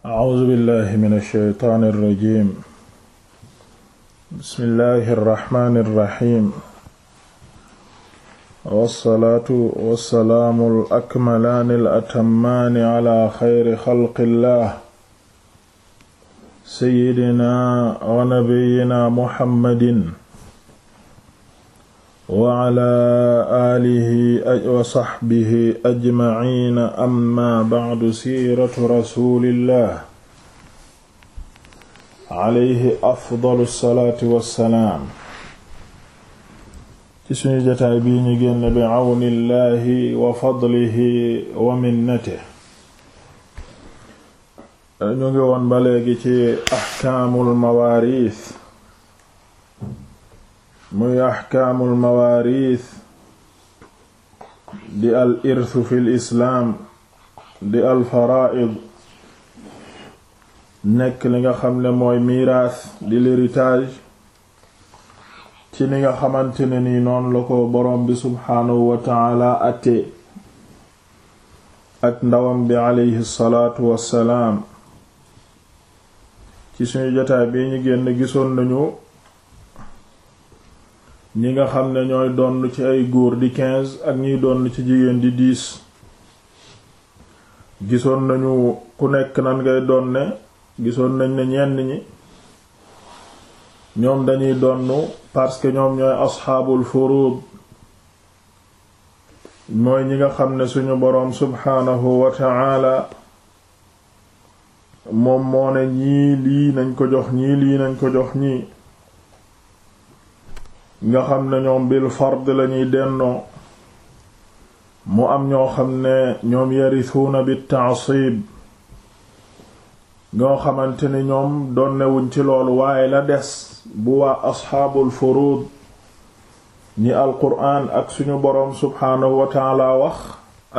A'uuzu billahi mina shaytaani rajiim bismillahi rahmaani rahiim wassalaatu wassalaamu al-akmalaani al-atammaani alaa xayri xalqillaah sayyidinaa wa nabiyyinaa Muhammadin wa ala aalihi wa saxbihi ajmaciina amma bacdu siiratu rasuulillah alayhi afdalu salaatu wa salaam. ci sunu jotaay bii ñu génn bi cawnillahi wa fadlihi wa minnatihi. ñu ngi woon ba léegi ci axkaamul muy axkaamul mawaariis di al irsu fil islaam di al faraaid nekk li nga xam ne mooy miiraas di l'héritage ci li nga xamante ne nii noonu la ko boroom bi subxaanahu wa taala ak ndawam bi aleyhi salaatu wassalaam ci suñu jotaay bi ñu génn gisoon nañu ñi nga xam ne ñooy donn ci ay góor di quinze ak ñiy donn ci jigéen di dix gisoon nañu ku nekk nan ngay donne gisoon nañ ne ñenn ñi ñoom dañuy donn parce que ñoom ñooy asxaabul furud mooy ñi nga xam ne suñu boroom subhaanahu wa ta'ala moom moo ne ñii lii nañ ko jox ñii lii nañ ko jox ñii nga xam ne ñoom bil fard lañuy dennoo mu am ñoo xam ne ñoom yarisuuna bi taasib ñoo xamante ni ñoom donnewuñ ci loolu waaye la des bu waa asxaabul furuud ñi alquraan ak suñu boroom subxaanahu wa taala wax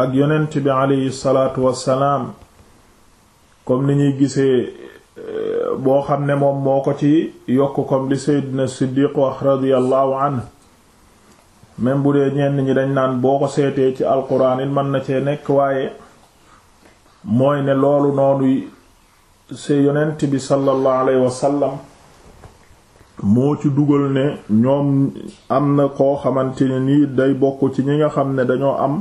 ak yonent bi aleyhi salaatu wassalaam comme ni ñuy gisee boo xam ne moom moo ko ci yokk comme li Seydina Siddiq wax radiyallahu anhu même bu dee ñenn ñi dañ naan boo ko seetee ci alquran it mën na cee nekk waaye mooy ne loolu noonu se yonent bi sallallahu alayhi wasallam moo ci dugal ne ñoom am na koo xamante ne nii day bokk ci ñi nga xam ne dañoo am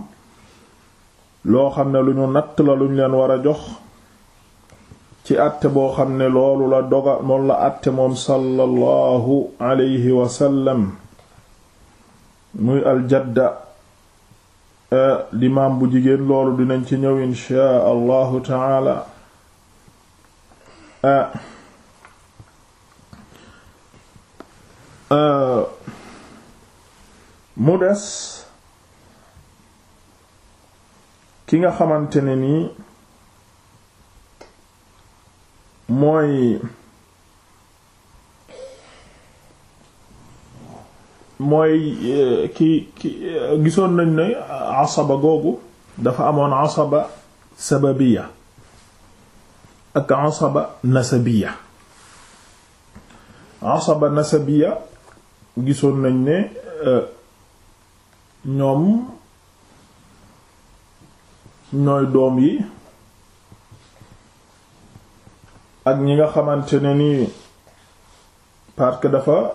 loo xam ne lu ñu natt la luñ leen war a jox ci àtte boo xam ne loolu la doga moom la àtte moom sallallahu alayhi wasallam muy aljadda limaam e, bu jigéen loolu dinañ ci ñëw inchaa allahu taala e, e, mu des ki nga xamante nii mooy mooy eh, ki ki eh, gisoon nañ ne eh, asaba googu dafa amoon asaba sababiya ak asaba nasabiya asaba nasabiya gisoon nañ ne ñoom ñooy doom yi ak ñi nga xamante ne nii parce que dafa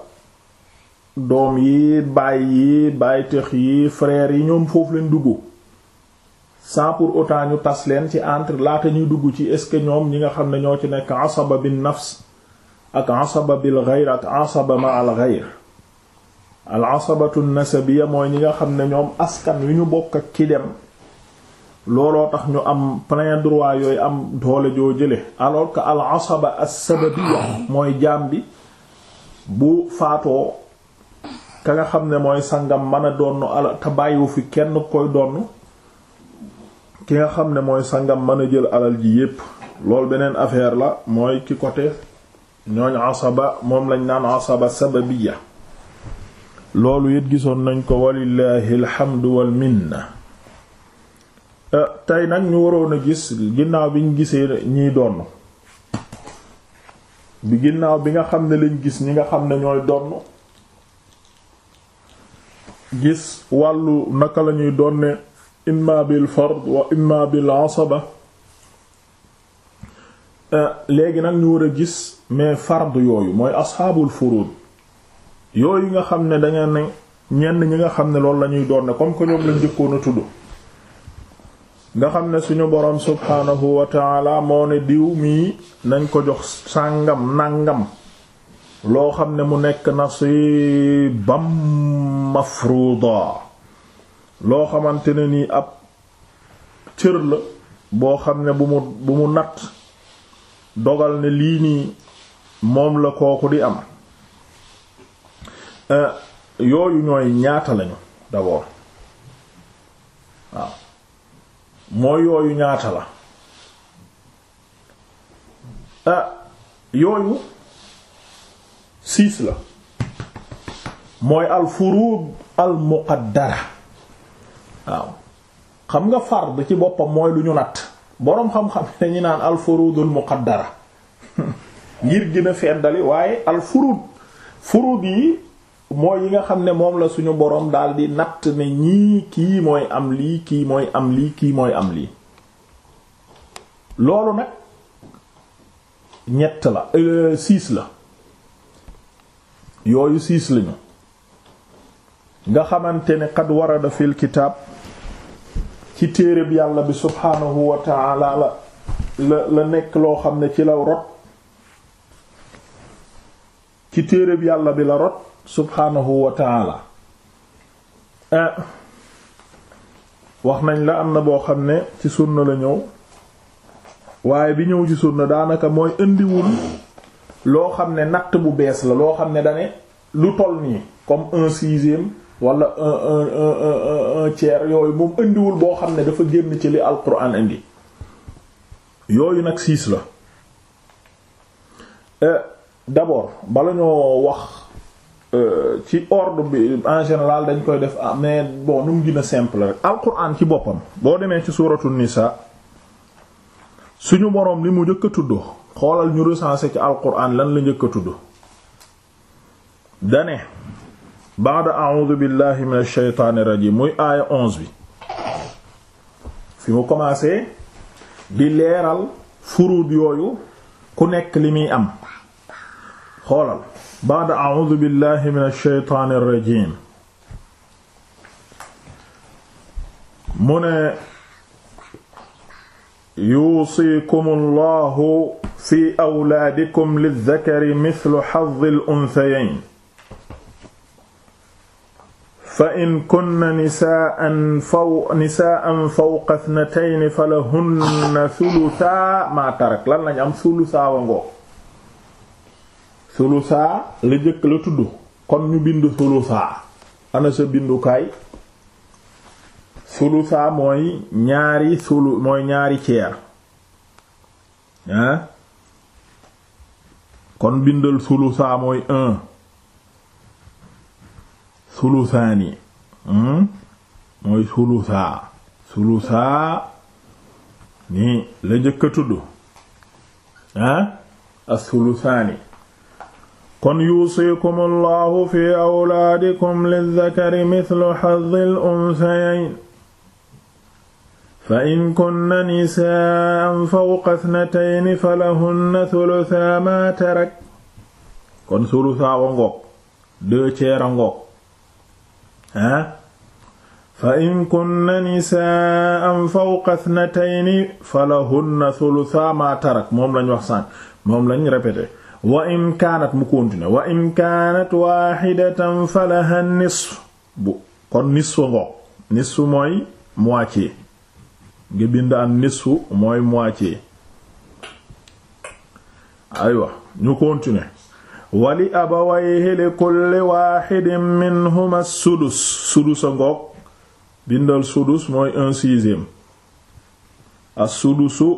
doom yi baay yi baay tex yi frère yi ñoom foofu leen dugg sans pour autant ñu tas leen ci entre laata ñuy dugg ci est-ce que ñoom ñi nga xam ne ñoo ci nekk asaba bin nafs ak asaba bil ghayr ak asaba ma al ghayr al asabatu nasabiyya mooy ñi nga xam ne ñoom askan yu ñu bokk ak ki dem looloo tax ñu am plein droit yooyu am doole joo jële alors que al asaba as-sababiyya mooy jaam bi bu faatoo ka nga xam ne mooy sangam mën a donn alal te bàyyiwu fi kenn koy donn ki nga xam ne mooy sangam mën a jël alal ji yépp loolu beneen affaire la mooy ki côté ñooñ asaba moom lañ naan asaba sababiyya loolu it gisoon nañ ko walillahi alhamdu wal minna Euh, tey nag ñu waroon a gis ginnaaw bi ñu gisee ñiy donn bi ginnaaw bi nga xam ne lañ gis ñi nga xam ne ñooy donn gis wàllu naka lañuy donne imma bil fard wa imma bil asaba euh, léegi nag ñu war a gis mais fard yooyu mooy asxaabul furud yooyu nga xam ne danga ne ñenn ñi nga xam ne loolu lañuy donne comme que ñoom lañ jëkkoon a tudd nga xam ne suñu boroom subhaanahu wa taala moo ne diw mii nañ ko jox sàngam nàngam loo xam ne mu nekk na bam mafruda loo xamante ne nii ab cër la boo xam ne bu mu bu mu natt dogal ne lii nii moom la kooku di am eh, yooyu ñooy ñaata lañu d'abord waaw mooy yooyu ñaata la ah yooyu six la mooy al furud al muqaddara waaw xam nga fard ci boppam mooy lu ñu natt boroom xam-xam dañu naan al furudul muqaddara ngir gën a feddali waaye al furud furud yi mooy yi nga xam ne moom la suñu boroom daal di natt ne ñii kii mooy am lii kii mooy am lii kii mooy am lii loolu nag ñett la euh la yooyu six lañu nga xamante ne qad a fil kitaab ci téereb yàlla bi subhaanahu wa ta'ala la la nekk loo xam ne ci la rot ci téereb yàlla bi la rot subhaanahu wa eh, wax nañ la am na boo xam ne ci sunna la ñëw waaye bi ñëw ci sunna daanaka mooy indiwul loo xam ne natt bu bees la loo xam ne dane lu toll nii comme un sixième wala un un un tiers yooyu moom indiwul boo xam ne dafa génn ci li alquran indi yooyu nag siis la eh, d'abord bala ñoo wax Euh, ci ordre bi en général dañ koy def ah, mais bon nu mu gën a simple rek alquran ci boppam boo demee ci suuratu nisa suñu boroom li mu njëkk a tudd xoolal ñu recensé ci alquran lan la njëkk a tudd dane baada a'udhu billahi minash shaytaani rajim muy aaya onze bi fi mu commencé bi leeral furuud yooyu ku nekk li muy am xoolal baada a'uudu billahi min ash-shaytaani ar-rajiim mu ne yuusiikum allahu fi awlaadikum lizzakari mithlu hazzi al-unthayayn fa in kunna nisaa'an fawqa ithnatayni falahunna thuluthaa maa tarak lan lañ am thuluthaa wa ngoo sulusaa la jëkk la tudd kon ñu bind sulusaa ana sa bindukaay sulusaa mooy ñaari sulu mooy ñaari tiers hein kon bindal sulusaa mooy un sulusaani hmm? mooy sulusaa sulusaa ni la jëkk a tudd hein as sulusaani kon yuusikum allahu fi awlaadikum lizzakari mithlu hazzil unsayayn fa in kunna nisaa'an fawqa ithnatayni falahunna thuluthaa maa tarak kon thuluthaa wa ngoog deux tiers a ngoog ah fa in kunna nisaa'an fawqa ithnatayni falahunna thuluthaa maa tarak moom lañ wax sànq moom lañ répété wa in kaanat mu continuer wa in kaanat waaxidatan falaha nisf bu kon nisfu ngoog nisfu mooy moitié nga bind am nisfu mooy moitié aywa ñu continuer wali abawayhi li kulli waaxidin minhuma sudus sudus ngoog bindal sudus mooy un sixième as sudusu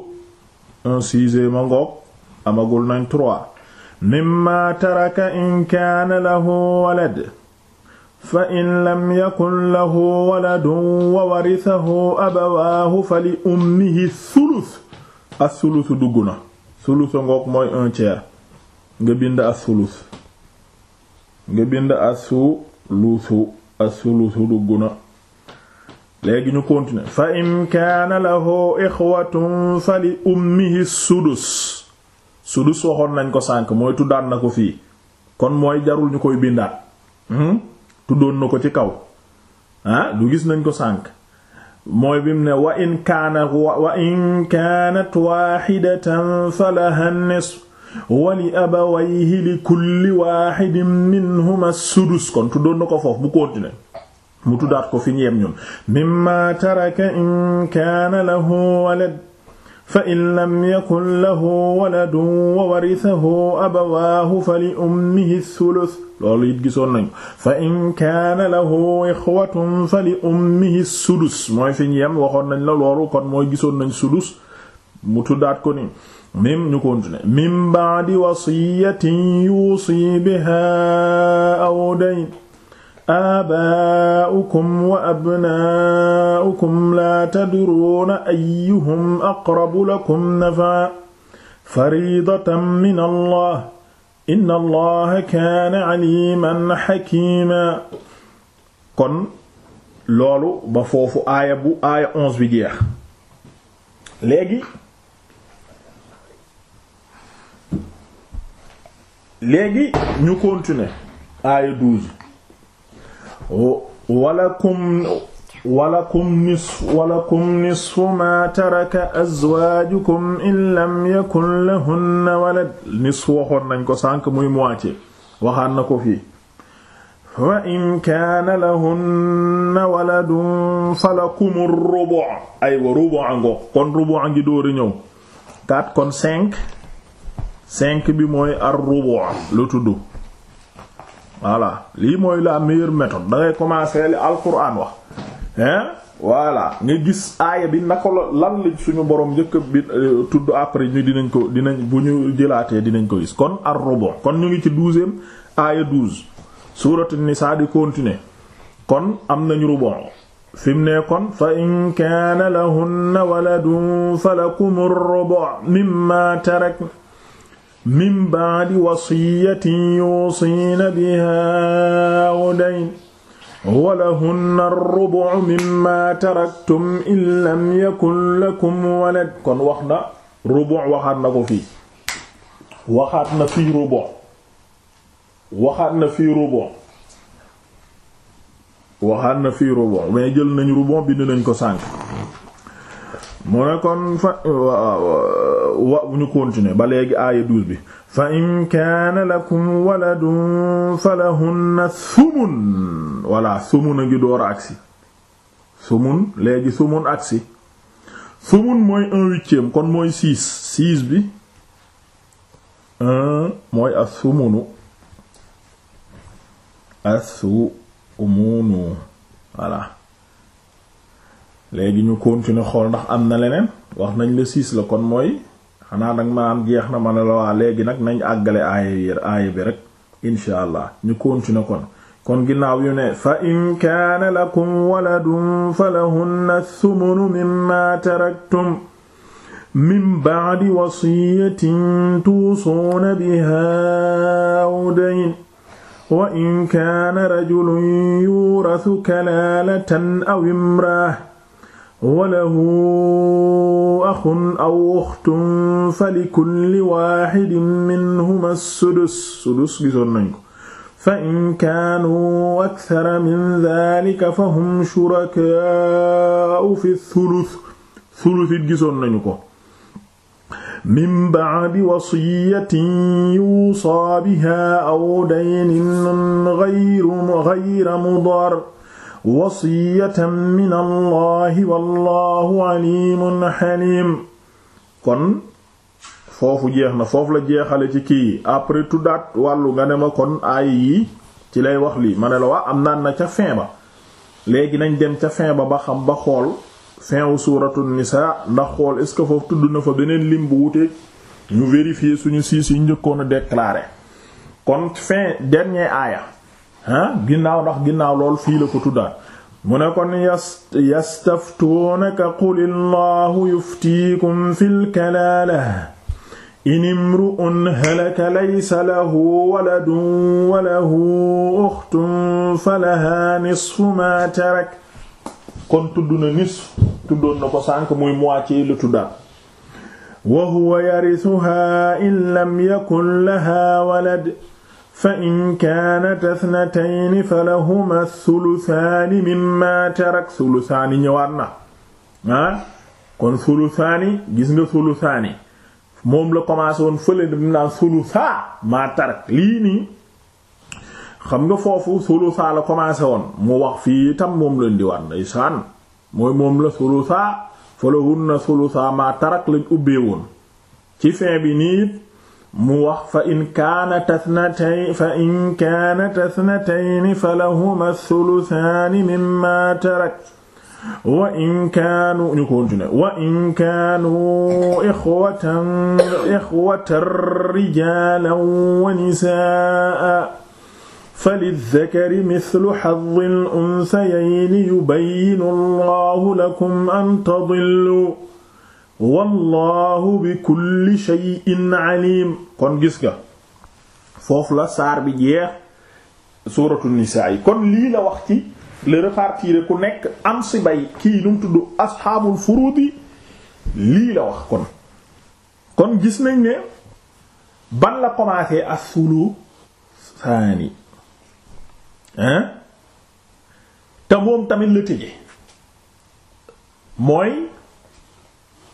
un sixième ngoog amagul nañ trois mimma taraka in kaana lahu walad fa in lam yakun lahu waladun wa warisahu abawaahu fa li ummihi sulus as sulusu dugg na sulusa ngoog mooy un tiers nga bind as sulus nga bind asu luusu asuluusu dugg na léegi ñu continuer fa in kaana lahu ixwatun fa li ummihi sudus sudus waxoon nañ ko sànk mooy tuddaan na ko fii kon mooy jarul ñu koy bindaat hmm? tuddoon na ko ci kaw ah du gis nañ ko sànk mooy bi mu ne wa in kaanat wa in kaanat waaxidatan falaha wa li abawayhi li kulli waaxidin minhuma sudus kon tuddoon na ko foofu bu continuer mu tuddaat ko fi ñeem ñun mimma taraka in kaana lahu walad fa in lam yakun lahu waladun wa warisahu abawaahu fa li ummihi sulus loolu it gisoon nañu fa in kaana lahu ixwatun fa li ummihi sudus mooy fi ñu yem waxoon nañ la loolu kon mooy gisoon nañ sudus mu tuddaat ko ni mim ñu continuer min ba'di wasiyatin yuusi biha aw dayn abaa'ukum wa abnaa'ukum laa tadruuna ayyuhum aqrabu lakum naf'an fariidatan min allah inna allah kaana aliiman hakiima kon loolu ba foofu aaya bu aaya onze bi jeex léegi léegi ñu continuer wala walakum nisfu walakum nisfu maa in lam yakun lahunna walad nisfu waxoon ko sànq muy moitié waxaan na ko fii wa in kaana lahunna waladun falakumu rubu aywa rubu ngo kon rubu ngi dóori ñëw 4 bi mooy ar tudd voilà lii mooy la meilleure méthode da ngay commencer li alquran wax hein voilà nga gis aaya bi naka la lan la suñu borom njëkk bi euh, tudd après ñu nañ ko dinañ bu ñu jëlaatee dinañ ko gis kon ar ñu ngi ci douzième aaya douze suuratu di continuer kon am nañu rubu fi ne kon fa in kaana lahunna waladun falakum ar rubu mimma tarak min ba'di wasiyatin yuusiina bihaa aw dayn walahunna rubu'u mimma taraktum in lam yakun lakum walad kon wax na rubu' waxaat na ko fii waxaat na fii rubu' waxaat na fii rubu' waxaat na fii rubu' mais jël nañ rubu' bind nañ ko sànk mu ne kon fa wa ñu continuer ba léegi aaya douze bi fa in kaana lakum waladun falahunna sumun walla sumun a ngi door a agsi sumun léegi sumun agsi sumun mooy un huitième kon mooy six six bi un mooy as-sumunu as-sumunu walla léegi ñu continuer xool ndax am na leneen wax nañ la six la kon mooy xanaa nag ma am jeex na man la waa léegi nag nañ àggale aaya aaya bi rek incha allah ñu continuer kon kon ginnaaw yu ne fa in kaana lakum waladun fa lahunna thumunu mimma taraktum min ba'di wasiyatin tuusuuna biha aw dayn wa in kaana rajulun yurathu walahu axun aw uxtun falikulli waaxidin minhuma sudus sudus gisoon nañ ko fa in kaanuu akthara min daalika fa hum shurakaa'u fi thuluth thuluth it gisoon nañu ko min ba'di wasiyatin yuusaa bihaa aw daynin ghayra mudar wasiyatan min allahi wallahu alimun xalim kon foofu jeex na foofu la jeexale ci kii après tuddaat wàllu nga ne ma kon aay yi ci lay wax lii ma ne la waa am naan na ca fin ba léegi nañ dem ca fin ba ba xam ba xool fin wu suuratu nisaa ndax xool est-ce que foofu tudd na fa beneen lim bu wuteeg ñu vérifier suñu siis yu njëkkoon a déclaré kon fin dernier aaya ah ginnaaw ndax ginnaaw lool fii la ko tuddaat mu ne kon yas yastaftuunaka qul illaahu yuftiikum fil kalaala in imru'un halaka laysa lahu waladun wa lahu ukhtun falahaa nisfu maa tarak kon tudd na nisf tuddoon na ko sànk muy moitié la tuddaat wa huwa yarisuhaa in lam yakun lahaa walad fa in kaanata thnatayni falahuma thuluthaani mimma tarak thuluthaani ñëwaat na ah kon thuluthaani gis nga thuluthaani moom la commencé woon fële dam naan thuluthaa maa tarak lii nii xam nga foofu thuluthaa la commencé woon mu wax fii itam moom la ndiwaat ndeysaan mooy moom la thuluthaa falahunna thuluthaa maa tarak lañ ubbee woon ci fin nii mu wax fa in kaanat ithnatayn fa in kaanat ithnatayn falahuma thuluthaani mimma tarak wa in kaanu ñu continuer wa in kaanu ixwatan ixwatan rijaalan wa nisaa falidhakari mithlu hadhil unthayayni yubayyinu allahu lakum an tadillu wallahu bi kulli shay'in alim kon gis nga foofu la saar bi jeex suuratu nisaa yi kon lii la wax ci le répartir ku nekk am si bay kii lu mu tudd asxaabul furuudi lii la wax kon kon gis nañ ne ban la commencé asulu saani hein te moom tamit la tëje mooy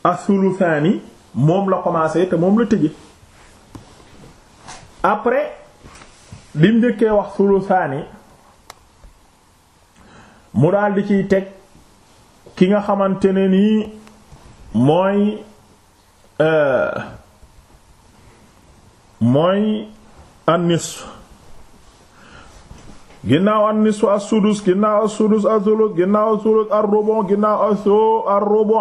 athuluthaani moom la commencé te moom la tëje après bi mu njëkkee wax thuluthaani mu daal di ciy teg ki nga xamante ne nii mooy euh, mooy an-nisf ginnaaw an nisfu as-sudus ginnaaw as-sudus ginnaaw as-sulus ar ginnaaw as-su ar-rubu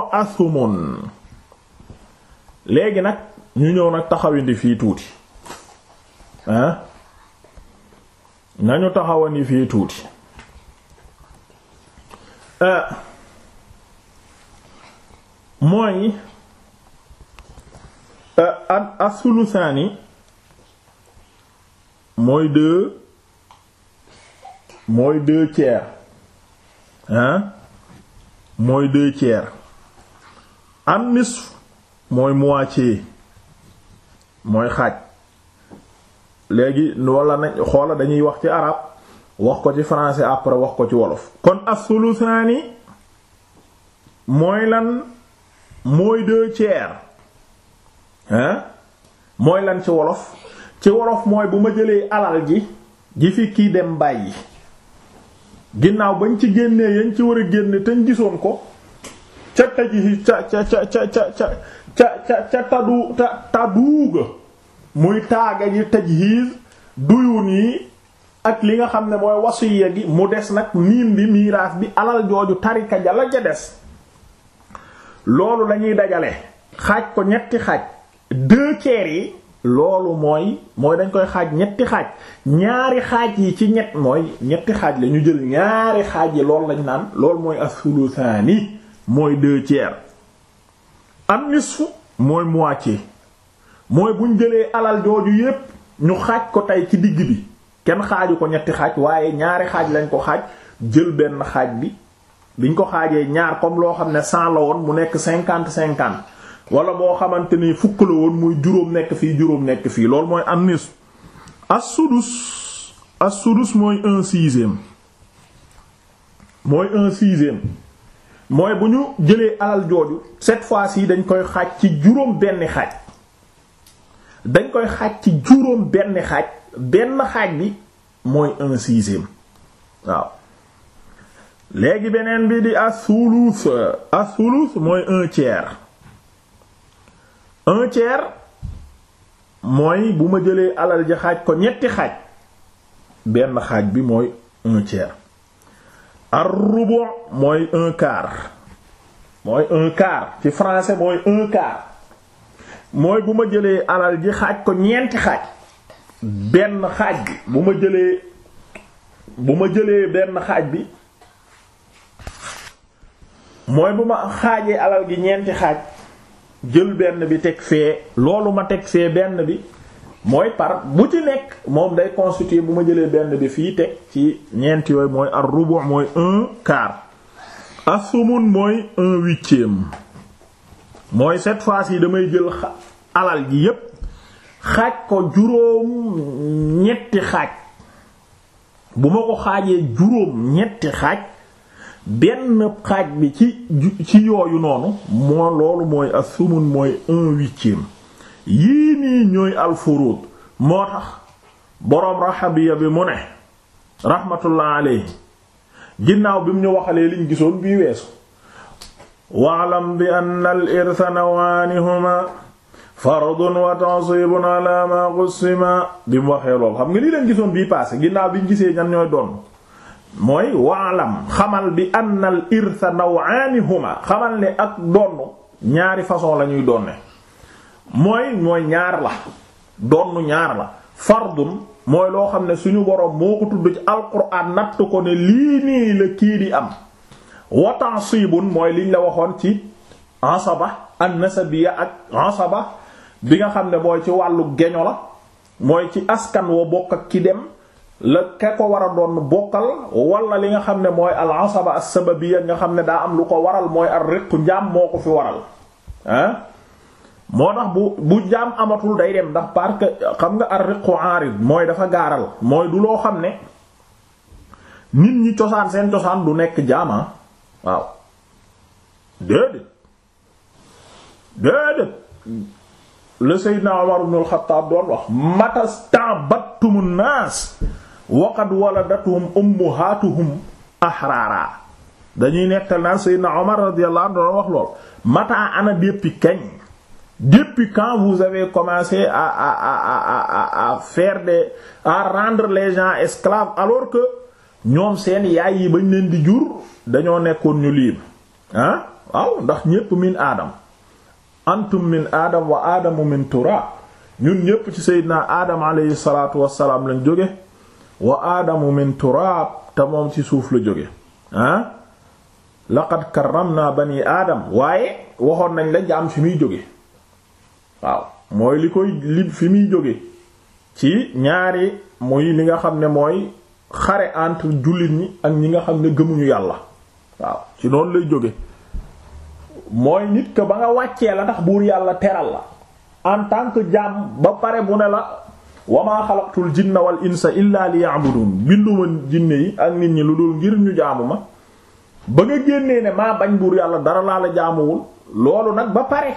léegi nag ñu ñëw nag taxawandi fii tuuti ah nañu taxawandi fii tuuti euh, mooy euh, as mooy deux mooy deux tiers hein mooy deux tiers am mooy mooy moitié mooy xaaj léegi walla nañ xoola dañuy wax ci arab wax ko ci français après wax ko ci wolof kon as ni mooy lan mooy deux tiers mooy lan ci wolof ci wolof mooy bu ma jëlee alal gi gi fi kii dem bàyyi ginnaaw bañ ci génnee yañ ci war a génne te ñu gisoon ko ca taji ca ca ca ca ca ca ca ta taduuga muy taaga ji tëj tajhiz duyun yi ak li nga xam ne mooy wasiya gi mu des nag miin bi miraas bi alal jooju tarika ja la ja des loolu lañuy dajale xaaj ko ñetti xaaj deux tiers yi loolu mooy mooy dañ koy xaaj ñetti xaaj ñaari xaaj yi ci ñett mooy ñetti xaaj la ñu jël ñaari xaaj yi lool lañu naan loolu mooy as-sulusaani mooy deux tiers am nisfu mooy moitié mooy buñ jëlee alal jooju yépp ñu xaaj ko tey ci digg bi kenn xaaju ko ñetti xaaj waaye ñaari xaaj lañ ko xaaj jël benn xaaj bi biñ ko xaajee ñaar comme loo xam ne cent la woon mu nekk cinquante cinquante wala moo xamante ni fukk la woon muy juróom nekk fii juróom nekk fii loolu mooy am nis as-sudus as-sudus mooy un sixième mooy mooy bu ñu jëlee alal jooju cette fois-ci dañ koy xaaj ci juróom benn xaaj dañ koy xaaj ci juróom benn xaaj benn xaaj bi mooy un sixième waaw léegi beneen bi di as-sulus mooy un tiers un tiers mooy bu ma jëlee alal ja xaaj ko ñetti xaaj benn xaaj bi mooy un tiers ar mooy un quart mooy un quart ci français mooy un quart mooy bu ma jëlee alal ji xaaj ko ñeenti xaaj benn xaaj bu ma jëlee bu ma jëlee benn xaaj bi mooy bu ma xaajee alal gi ñeenti xaaj jël benn bi teg fee loolu ma teg fee benn bi mooy par bu ci nekk moom day constituer bu ma jëlee benn bi fii teg ci ñeent yooyu mooy ar rubu mooy un quart asumun mooy un huitième mooy cette fois-ci damay jël alal ji yépp xaaj ko juróom ñetti xaaj bu ma ko xaajee juróom ñetti xaaj benn xaaj bi ci ci yooyu noonu moo loolu mooy asumun mooy un huitième yii nii ñooy alfuruud moo tax boroom raxabiya bi mu ne raxmatullah alayhi ginnaaw bi mu ñu waxalee liñ gisoon bii weesu waalam bi anna al irsa nawaanihuma fardun wa tansibun ala bi mu waxee loolu xam nga lii leen gisoon bii passé ginnaaw bi ñu gisee ñan ñooy doon mooy waalam xamal bi anna al irtha nawaani xamal ne ak donn ñaari façon lañuy ñuy donne mooy mooy ñaar la donn ñaar la fardun mooy loo xam ne suñu boroom moo ko tudd ci alquran natt ko ne lii nii la kii di am wa tansibun mooy liñ la waxoon ci asaba an nasabiya ak asaba bi nga xam ne mooy ci wàllu geño la mooy ci askan wa bokk ak ki dem la ka ko war a doon bokkal wala li nga xam ne mooy al asaba as nga xam ne daa am lu ko waral mooy ar riqu njaam moo ko fi waral ah moo tax bu bu njaam amatul day dem ndax parce xam nga ar riqu arid mooy dafa gaaral mooy du loo xam ne nit ñi cosaan seen cosaan du nekk jaama ah. waaw déedéet déedéet le Seydina Umar ibn al-Khattab doon wax matastabattumun nas waqad waladatuhum ummuhaatuhum ahraara dañuy nettal naan Seydina Omar radiyallahu anhu wax lool mataa ana depuis kañ depuis quand vous avez commencé à à à à à faire des à rendre les gens esclaves alors que ñoom seen yaay yi bañ leen di jur dañoo nekkoon ñu libre ah waaw ndax ñépp min aadam antum min aadam wa aadamu min tura ñun ñépp ci Seydina aadam alayhi wassalaam lañ jóge wa aadamu min te moom ci suuf la jóge ah laqad ba bani aadam waaye waxoon nañ la jaam fi muy jóge waaw mooy li koy li fi muy jóge ci ñaari muy li nga xam ne mooy xare entre jullit ñi ak ñi nga xam ne gëmuñu yàlla waaw ci noonu lay jóge mooy nit ko ba nga wàccee la tax buur yàlla teral la en tant que jaam ba pare bu ne la wa maa xalaqtul jinna wal insa illa liya'budun binduma jinne yi ak nit ñi lu dul ngir ñu jaamu ma ba nga génnee ne maa bañ buur yàlla dara laa la jaamuwul loolu nag ba pare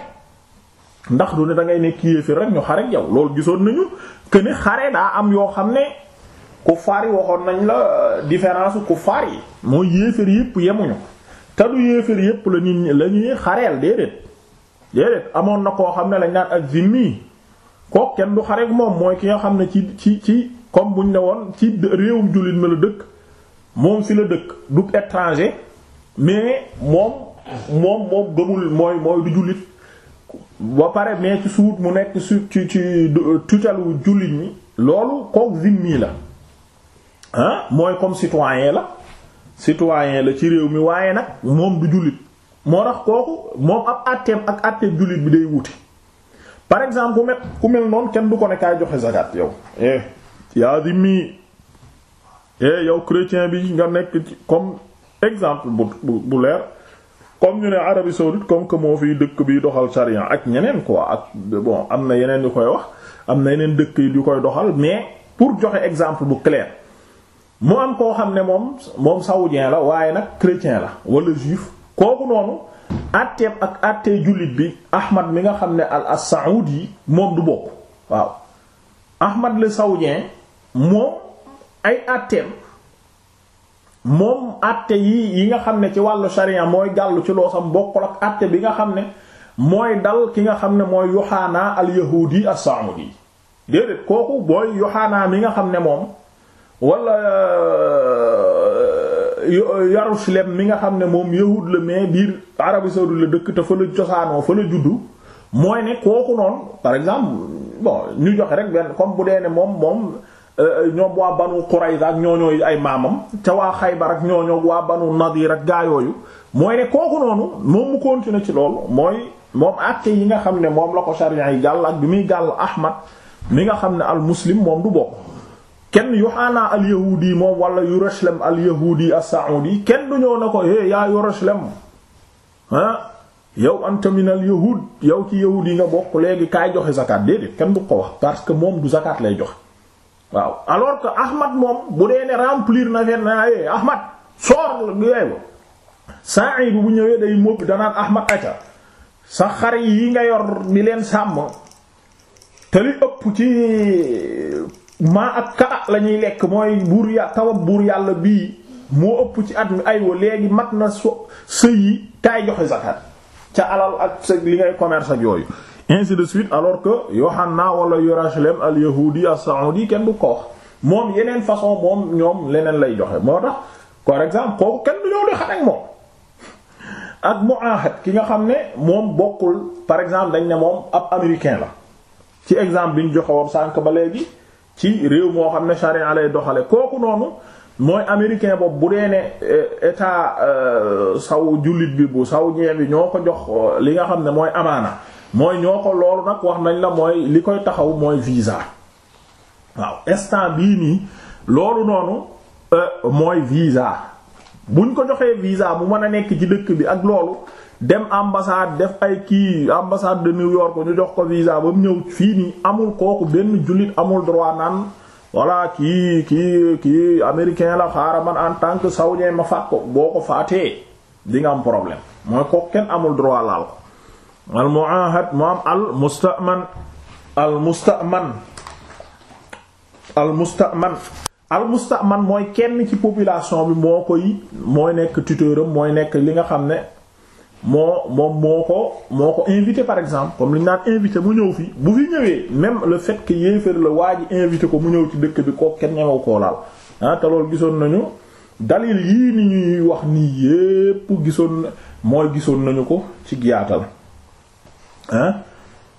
ndax du ne da ngay nekk yéefér rek ñu xare yow loolu gisoon nañu que ne xare daa am yoo xam ne kuffaar yi waxoon nañ la différence kuffaar yi mooy yéefér yépp yemuñu te du yéefér yépp la nit ñi la ñuy xareel déedéet déedéet amoon na koo xam ne lañ naan ak zimmi kook kenn du xareek moom mooy ki nga xam ne ci ci ci comme buñ ne woon ci réewum jullit ma la dëkk moom fi la dëkk du étranger mais moom moom moom gëmul mooy mooy du jullit ba pare mais ci suut mu nekk su ci ci tutelu jullit ñi loolu kook zimmi la ah mooy comme citoyen la citoyen la ci réew mi waaye nag moom du jullit moo tax kooku moom ab àtteem ak àtteem jullit bi day wuti par exemple ku mel ku mel noonu kenn du ko ne kaay joxe zakat yow eh yaa di mi eh yow chrétien bi nga nekk ci comme exemple bu bu leer comme ñu ne Arabie saoudite comme que moo fiy dëkk bi doxal sarian ak ñeneen ko ak bon am na yeneen yu koy wax am na yeneen dëkk yi yu koy doxal mais pour joxe exemple bu clair mu am koo xam ne moom moom saoudien la waaye nag chrétien la wala juif kooku noonu. atteeb ak attee jullit bi ahmad mi nga xam ne al as-saudi yi moom du bokk waaw ahmad le saoudien moom ay atteem moom atte yi nga xam ne ci wàllu sharia mooy gàllu ci loosam bokkul ak atte bi nga xam ne mooy dal ki nga xam ne mooy yoxaanaa al yahudi as déedéet kooku booy yoxaanaa mi nga xam ne moom wala Yarusalem mi nga xam ne moom yahud la mais biir Arabie saoudite la dëkk te fa la cosaanoo fa la juddu mooy ne kooku noonu par exemple bon ñu joxe rek benn comme bu dee ne moom moom euh, ñoom waa banu Qurayza ak ñooñooy ay maamam ca waa Xaybar ak ñooñoo waa banu Nadir ak gaa yooyu mooy ne kooku noonu moom mu continuer ci loolu mooy moom acte yi nga xam ne moom la ko sharia yi gàll ak bi muy gàll Ahmad mi nga xam ne al muslim moom du bokk kenn Yohana al yahudi moom wala Yerusalem al yahudi as-saudi kenn du ñëw na ko eh yaa Yerusalem ah yow anta yahud yow ci yahudi yi nga bokk léegi kaay joxe zakat déedéet kenn du ko wax parce que moom du zakat lay joxe waaw alors que Ahmad moom bu dee ne remplir na fenn ah eh Ahmad soor yooyu saa yi bu ñëwee day mob danaan Ahmad acca sa xar yi nga yor di leen sàmm te li ëpp ci. maa ak kaa la ñuy lekk mooy buur ya tawab buur yàlla bii moo ëpp ci at mi aywa léegi mat na so sëy yi kaay joxe zakat ca alal ak sa li ngay commerce ak yooyu ainsi de suite alors que Yohanna wala Yerushalem al yahudi as saoudi kenn du ko wax moom yeneen façon moom ñoom leneen lay joxe moo tax par exemple kooku kenn du ñëw di xat ak moom ak ki nga xam ne moom bokkul par exemple dañ ne moom ab américain la ci exemple bi ñu joxe sànq ba léegi. ci réew moo xam ne charia lay doxale kooku noonu mooy américain boobu bu dee ne eh, état euh, saw jullit bi bu saw ñee bi ñoo ko jox euh, li nga xam ne mooy amaana mooy ñoo ko loolu nag wax nañ la mooy li koy taxaw mooy visa waaw instant bii nii loolu noonu euh, mooy visa buñ ko joxee visa bu mën a nekk ci dëkk bi ak loolu dem ambassade def ay kii ambassade de New York ñu jox ko visa ba mu ñëw fii nii amul kooku benn jullit amul droit naan voilà kii kii kii américain la xaaral man en tant que saoudien ma faat ko boo ko faatee di nga am problème mooy kooku kenn amul droit laal ko. al muahad mu am al mustaman al mustaman mooy kenn ci population bi moo koy mooy nekk tuteur mooy nekk li nga xam ne. moo moom moo ko moo ko invité par exemple comme li ñu naan invité mu ñëw fi bu fi ñëwee même le fekk que yéeféer la waa ji invité ko mu ñëw ci dëkk bi kooku kenn ñemewu koo laal ah te loolu gisoon nañu dalil yii ni ñuy wax nii yépp gisoon mooy gisoon nañu ko ci giyaatal ah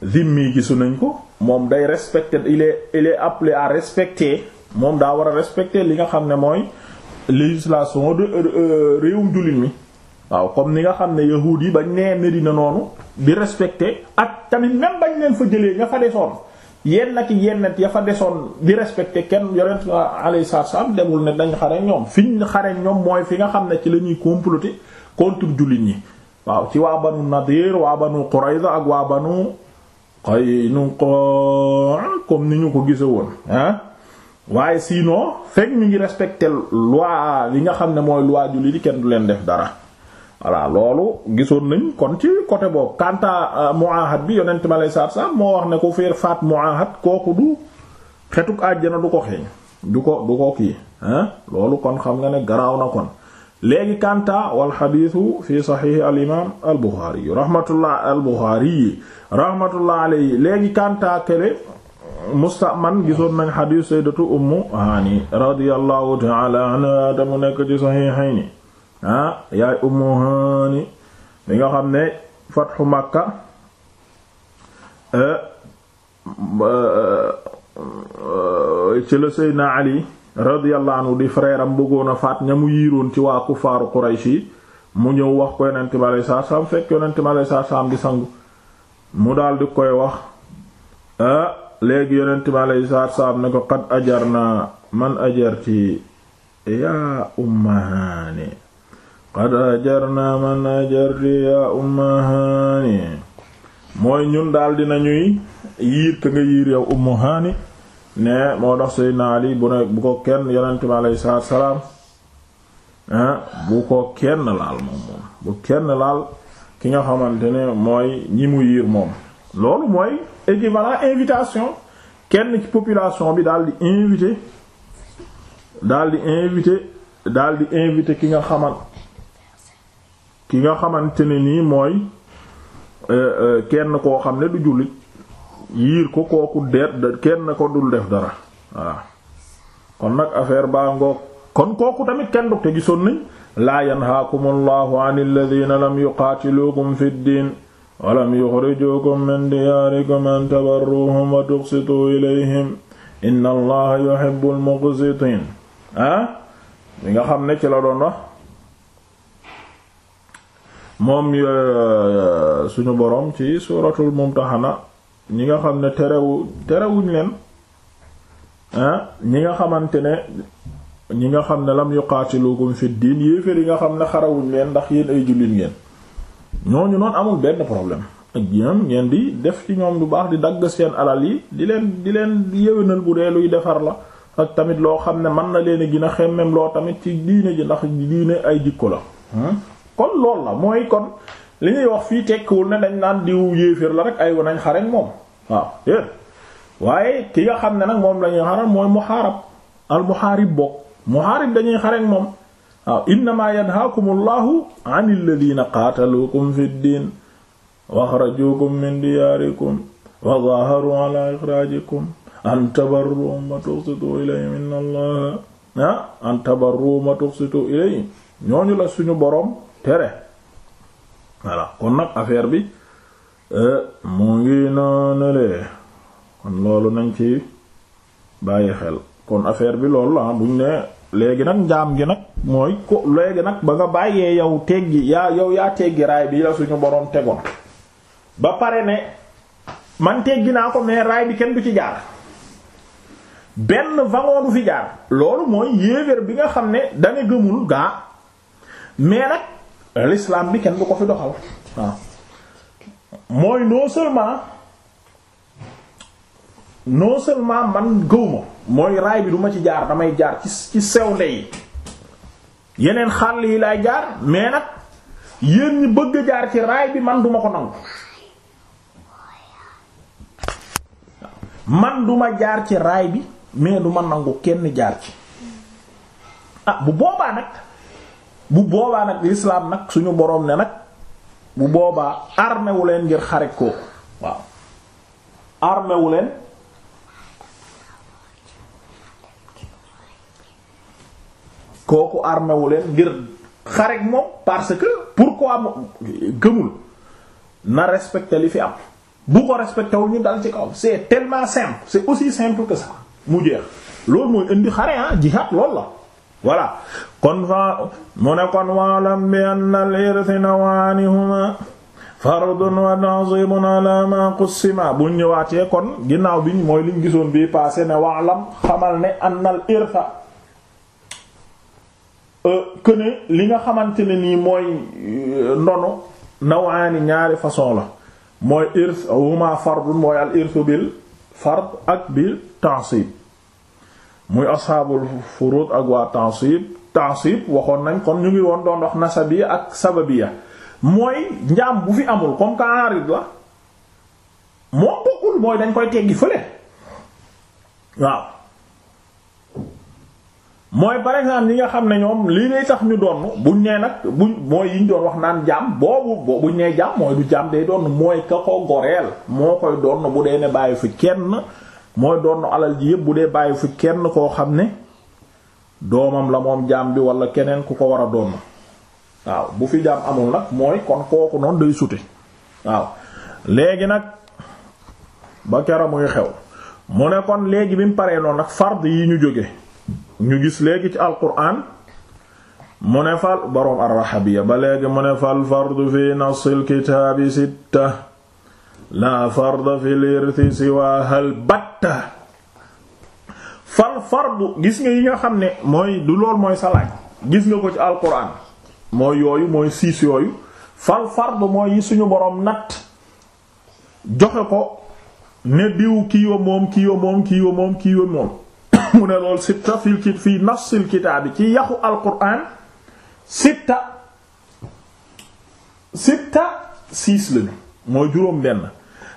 zimmi gisu nañ ko moom day respecter il est il est à respecter moom daa war a respecter li nga xam ne mooy législation de euh, euh, réewum jullit mi waaw comme ni nga xam ne yahuud yi bañ nee Medina noonu di respecté ak tamit même bañ leen fa jëlee nga fa desoon yenn ak yenn ya fa desoon di respecté kenn yonent alayhi salaam demul ne dañ xare ñoom fi fiñ xare ñoom mooy fi nga xam ne ci la ñuy comploter contre jullit ñi waaw ci waa banu Nadir waa banu Qurayza ak waa banu Qaynuqa comme ni ñu ko gise woon waaye sinon fekk ñu ngi respecté loi li nga xam ne mooy loi jullit yi kenn du leen def dara voilà loolu gisoon nañ kon ci côté boobu kanta euh, muahad bi yonent ma lay saar moo wax ne ko fiir faat muahad kooku du xetuk àjjana du ko xeeñ du ko du ko kii loolu kon xam nga ne garaaw na kon léegi kanta wal xadiisu fi saxiixi al imaam al buxaari rahmatullah al buxaari rahmatullah alayhi léegi kanta kele man gisoon nañ xadiis sayyidatu ummu haani radiyallahu ta'ala anha damu nekk ci saxiixayni ah yaay Ummu Hani li nga xam ne fatxu Makka eh, eh, ci la Seydina Ali radiyallahu anhu di frère am bëggoon a faat ña mu yiiroon ci waa kuffaaru Quraysh yi mu ñëw wax ko yonent bi alayhi salaatu salaam fekk yonent bi alayhi salaatu salaam di sangu mu daal di koy wax eh, léegi yonent bi alayhi salaatu salaam ne ko qad ajarna man ajarti yaa Ummu Hani qad ajarna man ajarti ya umma haani mooy ñun daal dina ñuy yiir ka nga yiir yow ummu haani ne moo tax seydna ali bu ne bu ko kenn yonent bi aleyhi salaam ah, bu ko kenn laal moom moom bu kenn laal ki nga xamante ne mooy ñi mu yiir moom loolu mooy équivalent invitation kenn ci population bi daal di invité daal di invité daal di invité ki nga xaman ki nga xamante ne nii mooy euh, euh, kenn koo xam ne du jullit yiir ko kooku deet kenn ko dul def dara voilà kon nag affaire baa ngoog kon kooku tamit kenn du te gisoon nañ laa yanhaakum allahu an alladina lam yuqaatiluukum fi ddin walam yuxrijuukum min diyaarikum an tabarruuhum wa tuqsituu ilayhim inna allaha yuhibbul muqsitiin ah li nga xam ne ci la doon wax moom euh, suñu boroom ci suuratul mumtaxana ñi nga xam ne terewu terewuñ leen ah ñi nga xamante ne ñi nga xam ne lam yuqaatilukum fi diin yéeféer yi nga xam ne xarawuñ leen ndax yéen ay jullit ngeen ñooñu noonu amul benn problème ak yéen ngeen di def ci ñoom lu baax di dagg seen alal yi di leen di leen yéwénal bu dee luy defar la ak tamit loo xam ne mën na leen a gën xemmem loo tamit ci diine ji ndax diine ay jikko la kon loolu la mooy kon li wax fii tekkiwul ne dañ naan diw yéeféer la rek ay wa nañ moom waaw waaye ki nga xam ne nag moom lañuy ñuy xaral mooy muxaarab al muxaarib bokk moom waaw innama yanhaakum allahu an alladina qaataluukum fi ddin wa inna allaha ah, an tabarruhum wa tuqsitu ilayhim ñooñu la suñu boroom tere voilà kon nag affaire bi euh, mu ngi noonale kon loolu nañ ci bàyyi xel kon affaire bi loolu la ah, buñ ne léegi nag njaam gi nag mooy ko léegi nag ba nga bàyyee yow teggi yaa yow yaa teggi raay bi la suñu boroom tegoon ba pare ne man teggi naa ko mais raay bi kenn du ci jaar benn vangoon du fi jaar loolu mooy yéeféer bi nga xam ne danga gëmul gaa mais nag Euh, l'islam bi kenn du ko fi doxal waaw mooy non seulement non seulement man gëwma mooy raay bi du ma ci jaar damay jaar ci ci sew yi yeneen xàll yi laay jaar mais nag yéen bëgg jaar ci raay bi man duma ko nangu man duma jaar ci raay bi mais duma nangu kenn jaar ci ah bu boobaa nag bu boobaa nag lislaam nag suñu boroom ne nag bu boobaa armé leen ngir xare kooku waaw armé leen kooku armé wu leen ngir xarek moom parce que pourquoi moom gëmul na respecté li fi am bu ko respecté wu ñu dal ci kaw c'est tellement simple c'est aussi simple que ça mu jeex loolu mooy indi xare ah jihaad loolu la voilà kon fa mu ne kon waalam bi anna al irthi nawaanihuma fardun wa ta'zimun ala qussima bu ñëwaatee kon ginnaaw bi mooy liñ gisoon bi paase ne waalam xamal ne anna al këne euh, li nga xamante ne nii mooy euh, ndono nawaani ñaari façon la mooy irth huma fardun mooy al irth bil fard ak bil ta'sib muy ashaabul furud ak waa ta'sib taasib waxoon nañ kon ñu ngi woon doon wax nasabiya ak sababi ya mooy njaam bu fi amul comme que aarid la moom bokkul mooy dañ koy teggi fële waaw mooy par exemple ñi nga xam ne ñoom lii lay tax ñu doon buñ nee nag buñ mooy yi ñu doon wax naan jaam boobu buñ nee jaam mooy du jaam day doon mooy ka ko goreel moo koy doon bu dee ne bàyyi fi kenn mooy doon alal ji yëpp bu dee bàyyi fi kenn koo xam ne doomam la moom jaam bi wala keneen ku ko war a doon waaw bu fi jaam amul nag mooy kon kooku noonu day sute waaw léegi nag ba kera muy xew mu ne kon léegi bi mu paree noonu nag fard yi ñu jóge ñu gis léegi ci alquran mu ne fal boroom arraxabiya ba léegi mu ne fal fardu fi nasil kitaabi sitta la farda fi lirthi siwa hal batta fal gis nga yi nga xam ne mooy du lool mooy sa gis nga ko ci alquran mooy yooyu mooy siis yooyu fal fardu mooy yi suñu boroom natt joxe ko ne diw kiiwa moom kiiwa moom kiiwa moom kiiwa moom mu ne lool sitta fil kit fii nafsil kitaabi ci yaxu alquran sitta sitta siis la mooy juróom benn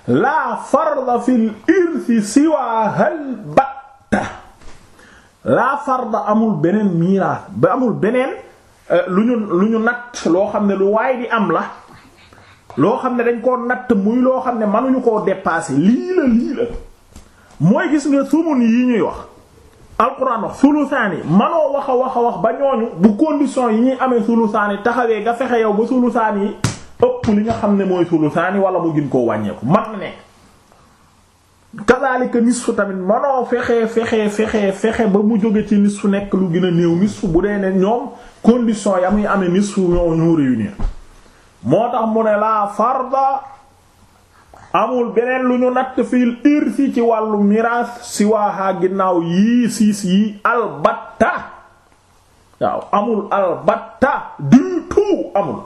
laa farda fil irsi siwa hal ba laa farda amul beneen miraas ba amul beneen euh, lu ñu lu ñu natt loo xam ne lu waay di am la loo xam ne dañ koo natt muy loo xam ne mënuñu koo dépasser lii la lii la mooy gis nga sumun yi ñuy wax alquran wax sulusaani manoo wax a wax a wax ba ñooñu bu condition yi ñuy amee sulusaani taxawee nga fexe yow ba sulusaani yi ëpp li nga xam ne mooy sulusaani wala mu gën koo wàññeeku man ne kazaalika nisfu tamit manoo fexe fexe fexe fexe ba mu jóge ci nisfu nekk lu gën a néew nisfu bu dee ne ñoom condition ya muy amee nisfu ñoo ñoo réunir moo tax mu ne laa farda amul beneen lu ñu natt fiil irsi ci wàllu miraas si waaxaa ginnaaw yii siis yi albatta waaw amul albatta du amul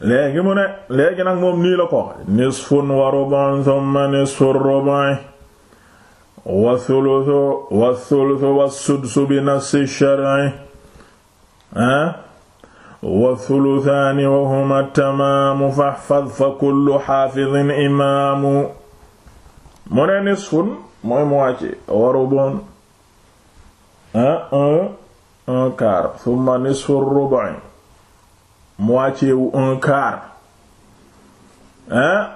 léegi mu ne léegi nag moom nii la ko nisfun wa rub'un thumma nisfu rub'i wa thuluthu wa thuluthu wa sudsu bi nafsi shar'i ah wa thuluthaani wa huma tamaamu fahfadh fa kullu haafidhin imaamu mu ne nisfun mooy mu wàcce wa rub'un ah, un un quart thumma nisfu rub'i moitié wu un quart hein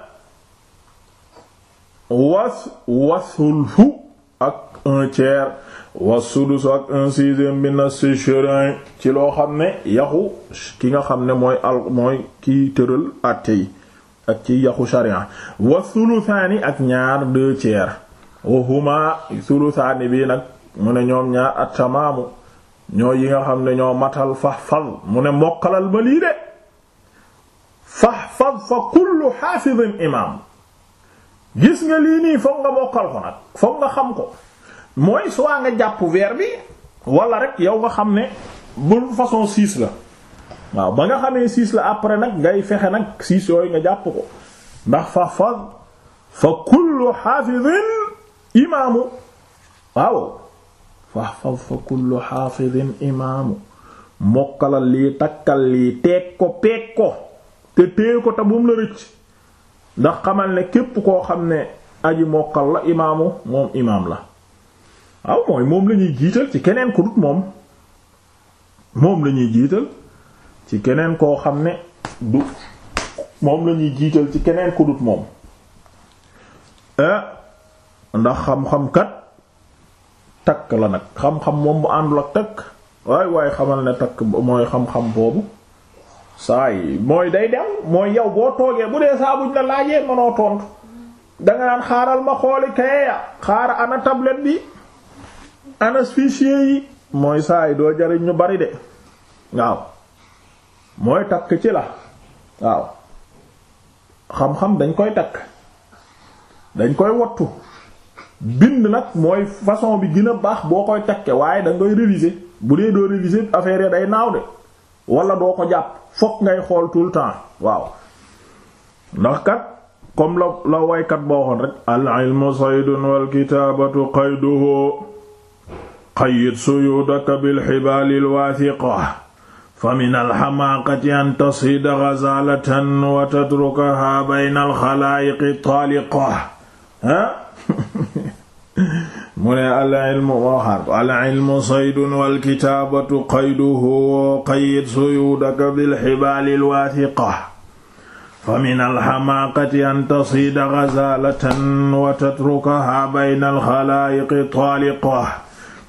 was wasulfu ak un tiers wasudus ak un sixième bi na sécherin ci loo xam ne yaxu ki nga xam ne mooy al mooy kiy tëral àtte yi ak ci yaxu sharia wasulusaani ak ñaar deux tiers wahuma sulusaani bi nag mu ne ñoom ñaar atamaamu ñoo yi nga xam ne ñoo matal fahfaz mu ne mokkalal ba lii de fahfaz fa kullu xaafidin imaam gis nga lii nii foog nga mokkal ko nag foog nga xam ko mooy soit nga jàpp weer bi wala rek yow nga xam ne bu façon six la waaw ba nga xamee six la après nag ngay fexe nag six yooyu nga jàpp ko ndax fahfaz fa kullu xaafidin imaamu waaw fahfaz fa kullu xaafidin imaamu mokkalal lii takkal lii teeg ko peeg ko te tée ko te la rëcc ndax xamal ne képp koo xam ne aji mokkal la imaamu moom imaam la waaw mooy moom la jiital ci keneen ko dut jiital ci keneen koo xam ne du moom la ñuy jiital ci keneen ko dut moom eh, ndax xam-xam kat takk la nag xam-xam moom mu àndul ak takk waay waaye xamal ne takk mooy xam-xam boobu saay mooy day dem mooy yow boo toogee bu dee saa buñ la laajee mënoo tontu danga naan xaaral ma xooli kayeya xaara ana tablette bi ana fichier yi mooy saay doo jariñ ñu bari de waaw mooy takk ci la waaw xam-xam dañ koy takk dañ koy wottu bind nag mooy façon bi gën a baax boo koy takke waaye da ngay réviser bu dee doo réviser affaire day naaw de wala doo ko jàpp fokk ngay xool tout le temps waaw ndax kat comme la la boo xoon rek al ilmu saydun wal qayduhu qayyid suyudaka bil xibaalil waathiqa fa min alxamaaqati an tasida gazalatan wa tatrukaha bayna mu ne al ilmu waxaat al ilmu saydun wal kitaabatu qayduhu qayyid suyuudaka bil xibaali al waathiqa fa min alxamaaqati an tasiida gazaalatan wa tatrukahaa bayna alxalaayiqi taaliqa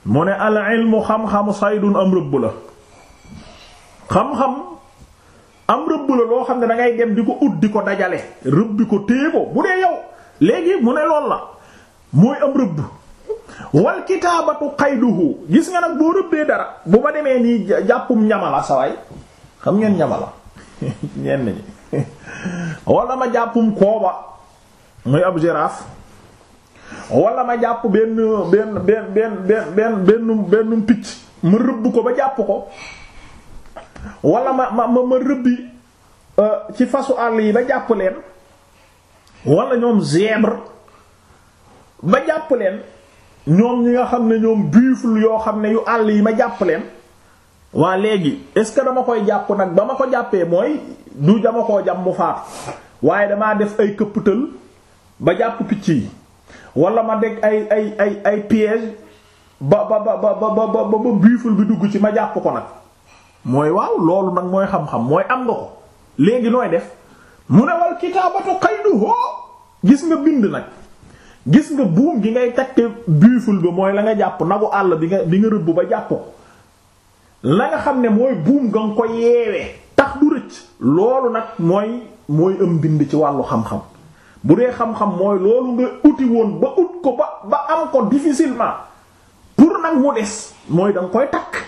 mu ne al ilmu xam-xam saydun am rëbb la xam-xam am rëbb la loo xam ne dangay dem di ko ut di ko dajale rëbbi ko téye ko bu dee yow léegi mu ne lool la mooy am rëbb wal kitaabatu qayduhu gis nga nag boo rëbbee dara bu ma demee nii jàppum ñamala sawaay xam ngeen ñamala ñenn ñi wala ma jàppum kooba muy ab girafe wala ma jàpp benn benn benn benn benn benn benn picc ma rëbb ko ba jàpp ko wala ma ma ma rëbbi euh, ci fasu àll yi ba jàpp leen wala ñoom zèbre ma jàpp leen ñoom ñi nga xam ne ñoom buffle yoo xam ne yu àll yi ma jàpp leen waa léegi est dama koy jàpp nag ba ma ko jàppee mooy du dama koo jam mu faatu waaye damaa def ay këpptal ba jàpp picc yi wala ma deg ay ay ay ay piège ba ba ba ba ba ba ba bi dugg ci ma jàpp ko nag mooy waaw loolu nag mooy xam-xam mooy am nga ko léegi nooy def mu ne wal kitaabatu qayduhu gis nga bind nag gis nga buum gi ngay takke buiful ba mooy la nga jàpp nagu àll bi nga bi nga rëbb ba jàpp la nga xam ne mooy buum nga nga ko yeewee tax du rëcc loolu nag mooy mooy am bind ci wàllu xam-xam bu dee xam-xam mooy loolu nga uti woon ba ut ko ba ba am ko difficilement pour nag mu des mooy da nga koy takk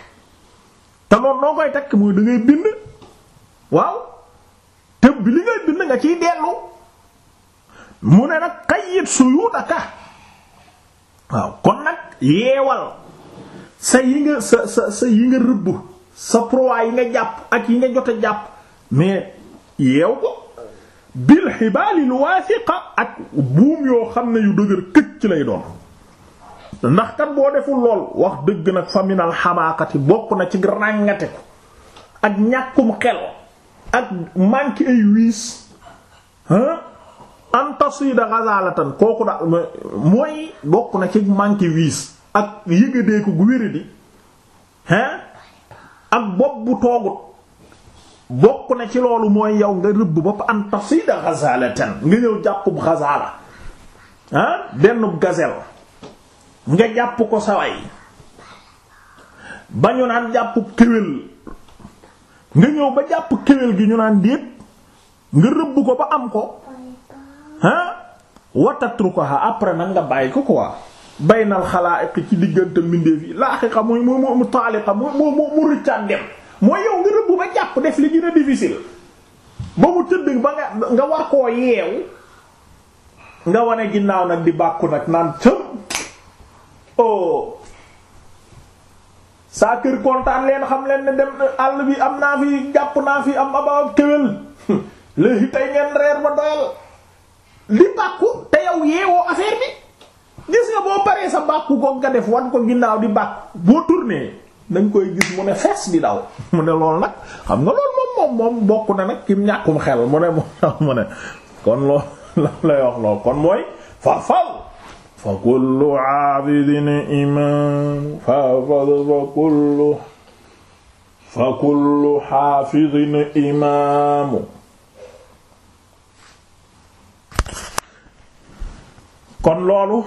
te moom noo koy takk mooy da bind waaw te bi li ngay bind nga ciy dellu mu ne nag qayyid suyuudaka waaw kon nag yeewal sa yi nga sa sa sa yi nga rëbb sa proie yi nga jàpp ak yi nga jot jàpp mais yeew ko bil xibaali lu waasiqa ak buum yoo xam ne yu dëgër këcc lay doon ndax kat boo deful lool wax dëgg nag fa minal xamaakati bokk na ci ràngate ko ak ñàkkum xel ak manque ay wiis an tasida ghazalatan kooku daal mooy bokk na ci manqué wiis ak yëgadeeku gu wéradi hein ak bopp bu toogut bokk na ci loolu mooy yow nga rëbb bopp an tasida ghazalatan nga ñëw jàppub ghazala ah bennub gazelle nga jàpp ko saway ba ñu naan jàppub kéwél nga ñëw ba jàpp kéwél gi ñu naan déet nga rëbb ko ba am ko ah wa tatrukaha après nag nga bàyyi ko ko quoi baynal xalaa'iq ci diggante mbindeef yi laaxiqa muy mu mu taaliqa mu mu mu dem mooy yow nga rëbb ba jàpp def li gën a difficile ba mu tëdd ba nga nga war koo yeewu nga wane ginnaaw nag di bàkku nag naan tëm oh saa kër kontaan leen xam leen dem àll bi am naa fi jàpp naa fi am ab ab kéwél léegi tey ngeen reer ba doyal li bàkku te yow yeewoo affaire bi gis nga boo paree sa bàkku ko nga def wan ko ginnaaw di bàkk boo tourné dañ koy gis mu ne fees di daw mu ne loolu nag xam nga loolu moom moom moom bokk na nag kim ñàkkum xel mu ne moom mu ne kon lool la lay wax lool kon mooy fa faw fa kullu abidin imaamu kon loolu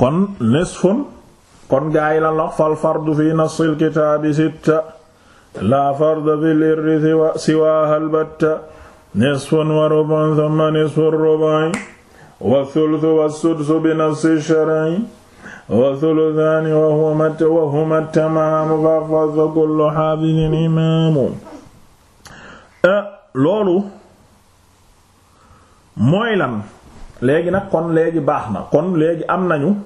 kon nisfun kon gaa yi lan la fal fardu fi nasil kitaabi sitta la farda fil irdi siwaaha albatta nisfun wa rubun thumma nisfu rubu'i wa thuluthu wa sudusu bi nafsi shar'i wa thuluthaani wa huma tamaamu fa fa kullu haafidin imaamu eh, loolu mooy lan léegi nag kon léegi baax na kon léegi am nañu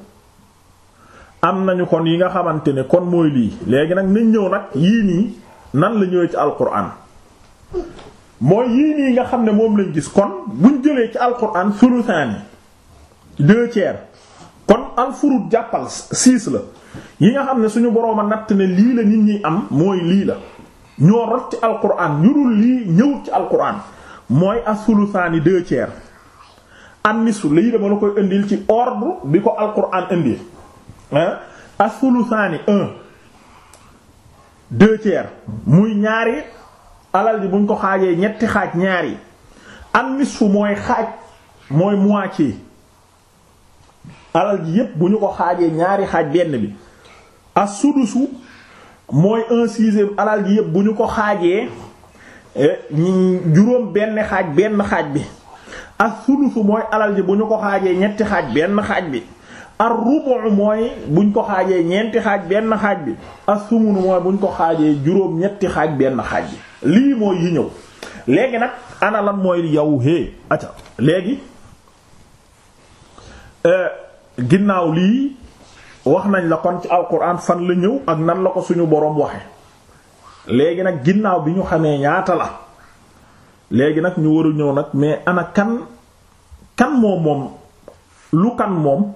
am nañu kon yi nga xamante ne kon mooy lii léegi nag nañ ñëw nag yii nii nan la ñëwee ci alquran mooy yii nii nga xam ne moom lañ gis kon buñ jëlee ci alquran sulusaani deux tiers kon alfurud jàppal six la yi nga xam ne suñu borooma natt ne lii la nit ñi am mooy lii la ñoo rot ci alquran ñu lii ñëw ci alquran mooy asulusaani deux tiers annisu lii dama la koy indil ci ordre bi ko alquran indil ah asulusaani un deux muy ñaari alal bi buñ ko xaajee ñetti xaaj ñaari annisu mooy xaaj mooy moitié alal ji yépp bu ñu ko xaajee ñaari xaaj benn bi asudusu mooy un sixième alal ji yépp bu ñu ko xaajee eh, juróom benn xaaj benn xaaj bi as-sulusu mooy alal ji bu ñu ko xaajee ñetti xaaj benn xaaj bi ar-rubu' mooy buñ ko xaajee ñeenti xaaj benn xaaj bi as-sumun mooy buñ ko xaajee juróom ñetti xaaj benn xaaj bi lii mooy yi ñëw léegi nag ana lan mooy yow hé ata léegi euh, ginnaaw lii wax nañ la kon ci alquran fan la ñëw ak nan la ko suñu boroom waxe léegi nag ginnaaw bi ñu xamee ñaata la léegi nag ñu war ñëw nag mais ana kan kan moom moom lu kan moom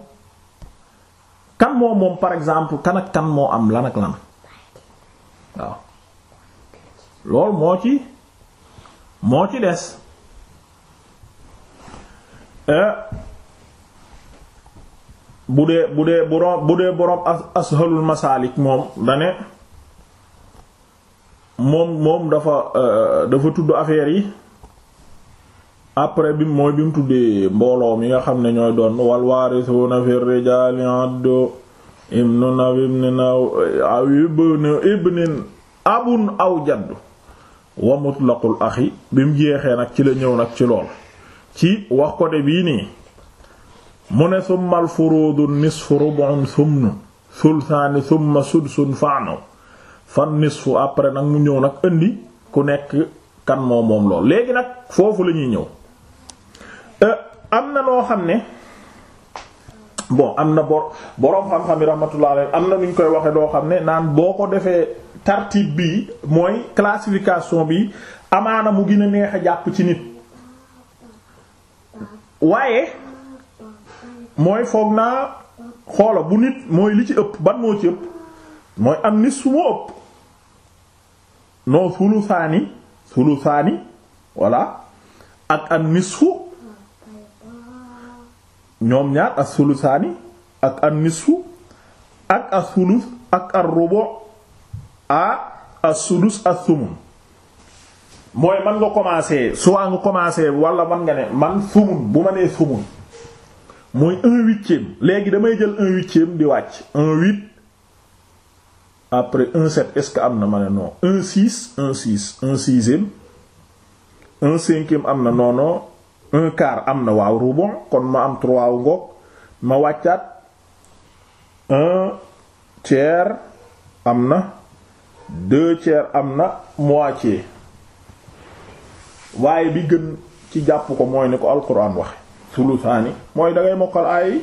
kan moom moom par exemple kan ak kan moo am lan ak lan waaw loolu moo ci moo ci des euh, bu dee bu dee borom bu dee borom ashalul masaalik moom dane moom moom dafa euh, dafa tudd affaire yi après bi mooy bi mu tuddee mbooloo mi nga xam ne ñooy doon wal waarisuuna fi rijaali addu ibnun aw ibnin abun aw jaddu wa mutlaqul axi bi jeexee nag ci la ñëw nag ci lool ci wax ko de bii nii mu ne summa al furuudu nisfu rub'un sumnu sulsaani summa sudsun fa'nu fan nisfu après nag mu ñëw nag indi ku nekk kan moo moom lool léegi nag foofu la ñuy ñëw euh, am na loo xam ne bon am na bor boroom xam-xam yi rahmatullah am na nu ñu koy waxee doo xam ne naan boo ko defee tartib bi mooy classification bi amaana mu gën a jàpp ci nit waaye mooy foog naa xoola bu nit mooy li ci ëpp ban moo ci ëpp mooy am nisfu moo ëpp noo sulusaani sulusaani voilà ak an nisfu ñoom ñaar as sulusaani ak an nisfu ak as sulus ak ar rubu a as sudus a sumun mooy man nga commencer soit nga commencer wala man nga ne man sumun bu ma nee sumun mooy un huitième léegi damay jël un huitième di wàcc après un sept est-ce que am na ma ne non un six un six un sixième un cinquième am na non non un quart am na waaw rebond kon ma am trois wu ngoog ma wàccaat un tiers am na deux tiers am na moitié waaye bi gën ci jàpp ko mooy ni ko alquran waxe sulusaani mooy da ngay mokkal aay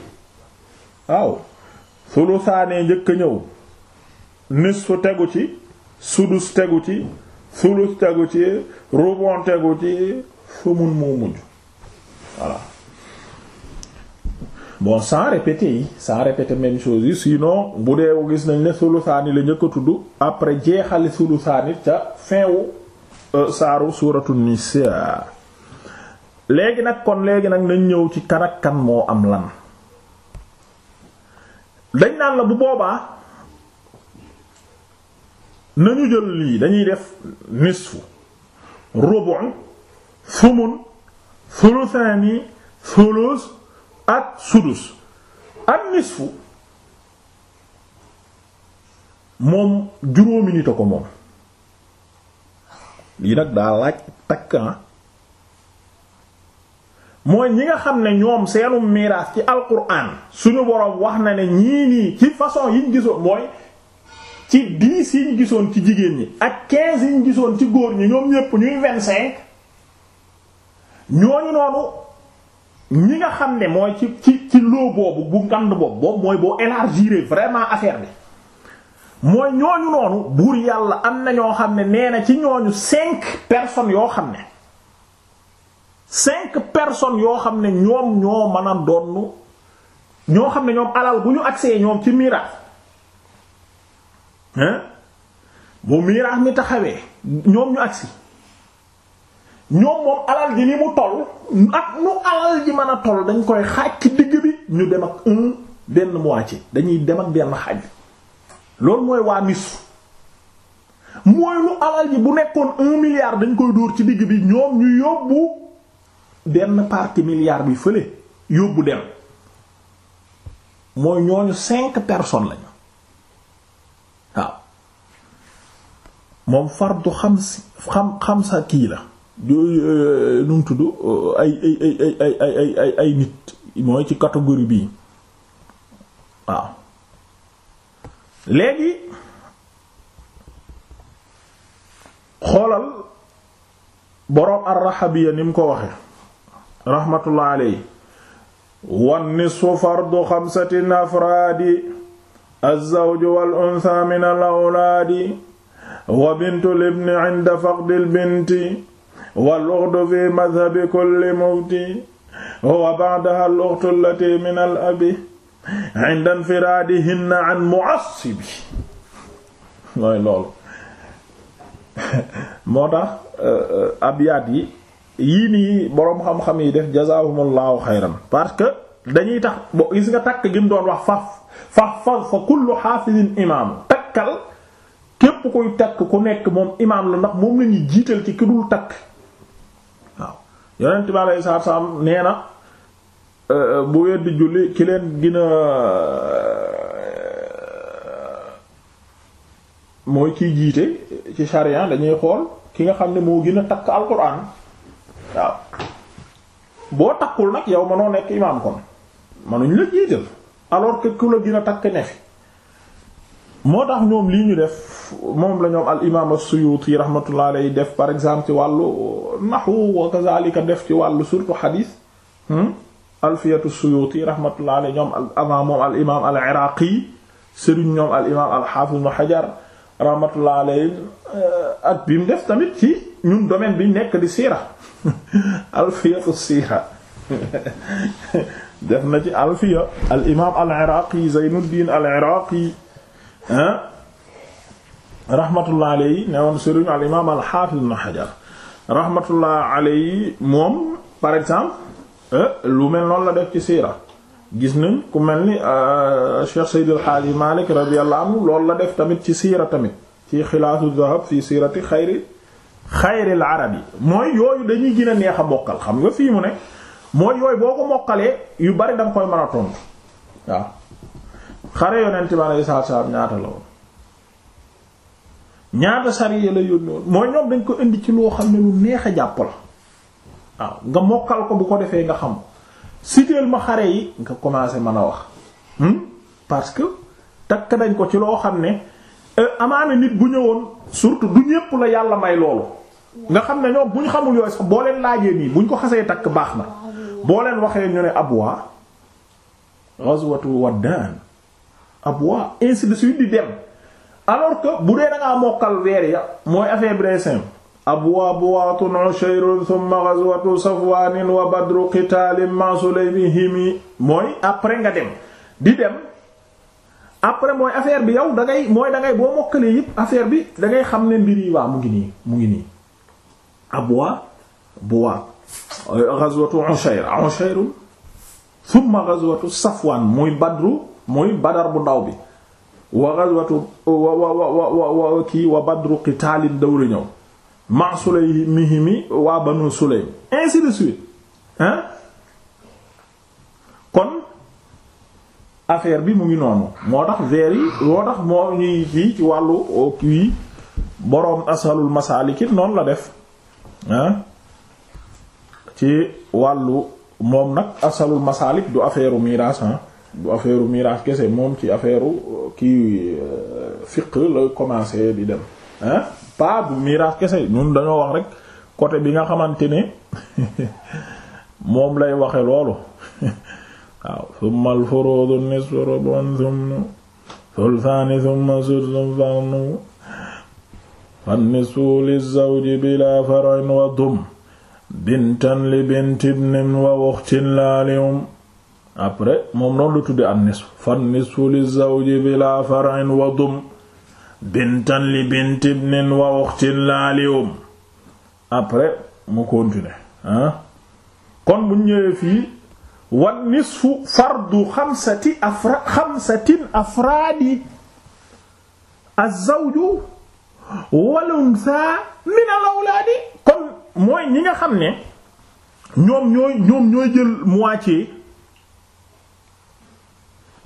waaw sulusaanee njëkk a ñëw nisfu tegu ci sudus tegu ci sulus tegu ci rubon tegu ci fumun moo mujj voilà bon sans répéter yi sans répéter même chose sinon bu dee gis nañ ne sulusaani la njëkk a tudd après jeexali sulusaani ca fin wu euh, saaru suuratu nisaa léegi nag kon léegi nag nañ ñëw ci kan kan moo am lan dañ naan la bu boobaa nañu jël lii dañuy def nisfu rubu' fumun thuluthaani thulus ak sudus ak nisfu moom juróomi nit a ko moom lii nag daa laaj takkan ah. mooy ñi nga xam ne ñoom seenu miraas ci alquran suñu boroom wax na ne ñii nii ci façon yiñ gisoon mooy ci dix yi gisoon ci jigéen ñi ak quinze yi gisoon ci góor ñi ñoom ñépp ñuy vingt cinq ñooñu noonu ñi nga xam ne mooy ci ci ci loo boobu bu ngand boobu boobu mooy boo élargir vraiment affaire bi mooy ñooñu noonu buur yàlla am na ñoo xam ne nee na ci ñooñu cinq personnes yoo xam ne cinq personnes yoo xam ne ñoom ñoo mën a donn ñoo xam ne ñoom alal bu ñu agsee ñoom ci miraas bu miraas mi taxawee ñoom ñu agsi ñoom moom alal ji ni mu toll ak nu alal ji mën a toll dañ koy xaaj ci digg bi ñu dem ak un benn moitié dañuy dem ak benn xaaj loolu mooy waa nisf mooy lu alal ji bu nekkoon un milliard dañ koy dóor ci digg bi ñoom ñu yóbbu benn partie milliard bi fële yóbbu dem mooy ñooñu cinq personnes lañ moom fardu xamsi xam xamsa kii la yooyu euh, tudd euh, ay ay ay ay nit mooy ci catégorie bii waaw léegi xoolal boroom ar ni mu ko waxe rahmatullah alayhi wan nisfu fardu xamsatin afraadi az-zawju wal untha min al-awlaadi wa bintul ibni inda faqdil binti wal uxtu fi madhabi kulli mufti wa ba'daha al uxtu allati min al abi inda infiraadihinna an mu'assibi mooy loolu moo tax euh, abyaat yi yii nii boroom xam-xam yi def jazaahumullaahu xayran parce que dañuy tax bo gis nga takk gi mu doon wax fa fa fa fa kullu xaafidin imaamu takkal képp kuy takk ku nekk moom imaam la ndax moom la jiital ci ki takk waaw yonent bi alayhi salaatu salaam nee na euh, bu weddi julli ki leen gën a euh, mooy kiy jiite ci sharia dañuy xool ki nga xam ne moo gën a takk alquran waaw boo takkul nag yow mënoo nekk imaam kon mënuñ la jiital alors ku la gën a takk ne fi moo tax ñoom lii ñu def moom la ñoom al imaam as-Suyuti rahmatullah alayhi def par exemple ci wàllu nahwu wa kazalika def ci wàllu surtout hadith hmm? alfiyatu as-Suyuti rahmatullah alayhi ñoom avant moom al imaam al-Iraqi sëriñ ñoom al imaam al-Hafiz ibn Hajar rahmatullah alayhi eh, ak bi mu def tamit ci ñun domaine bi nekk di siira alfiyatu siira def na ci alfiya al imaam al-Iraqi Zaynuddin al-Iraqi ah rahmatullah alayhi ne woon sëriñ al imaam al xaafiz ibn Hajar rahmatullah alayhi moom par exemple eh, lu mel noonu la def ci siira gis nañ ku mel ni euh, Cheikh Seydi El Hadji Malick radiyallahu anhu loolu la def tamit ci siira tamit ci xilaasu zahab fi siirati xayri xayril arabi mooy yooyu dañuy gën a neex a mokkal xam nga fii mu ne mooy yooyu boo ko mokkalee yu bari da nga koy mën a tontu waaw xare yonent bi alayhi salaatu wa ñaata la woon ñaata sariya la yónni woon mooy ñoom dañ ko indi ci loo xam ne lu neex a jàpp la waaw nga mokkal ko bu ko defee nga xam siteel ma xare yi nga commencé mën a wax hmm? parce que takk dañ ko ci loo xam ne euh, amaana nit bu ñëwoon surtout du ñépp la yàlla may loolu nga xam ne ñoom bu ñu xamul yooyu sax boo leen laajee nii bu ñu ko xasee takk baax na boo leen waxee ñu ne abwa ghazwatu waddaan abwa ainsi de suite di dem alors que bu dee da mokkal weer ya mooy affaire bi day simple abwaabu waatun ushayrun thumma ghazwatu safwaanin wa badru qitaalin ma sulaymihimi mooy après nga dem di dem après mooy affaire bi yow da ngay mooy da boo mokkalee yëpp affaire bi da xam ne mbir yi waa mu ngi nii mu ngi nii abwa buwa ghazwatu ushayr ushayr thumma ghazwatu safwaan muy badru muy badar bu ndaw bi wa ghazwatu wa wa wa kii wa badru qitaalin dawla ñëw ma sulaymihimi waa banu sulaym ainsi de suite hein kon affaire bi mu ngi noonu moo tax vers yi moo tax moo ñuy kii ci wàllu kii boroom asalul masaliki noonu la def ah ci wàllu moom nag asalul masalik du affaire u miraas ah du affaire miraas kese moom ci affaire euh, kii euh, fiq la commencé di dem hein pas bu miraas kese ñun dañoo wax rek côté bi nga xamante ne moom lay waxe loolu waaw summa al furuudu nisfu rubun sumnu sulsaani summa sudsum farnu fan li zawji bila farin wa dum bintan li bint ibnin wa uxtin laaliyum après moom noonu la tudde an nisf fan nisfu li zawji bila far'in wa dum bintan li bint ibnin wa ukhtin la li um après mu continuer kon bu ñëwee fii wan nisfu fardu xamsati afra xamsatin afraadi az-zawju wal kon mooy ñi nga xam ne ñoom ñooy ñoom jël moitié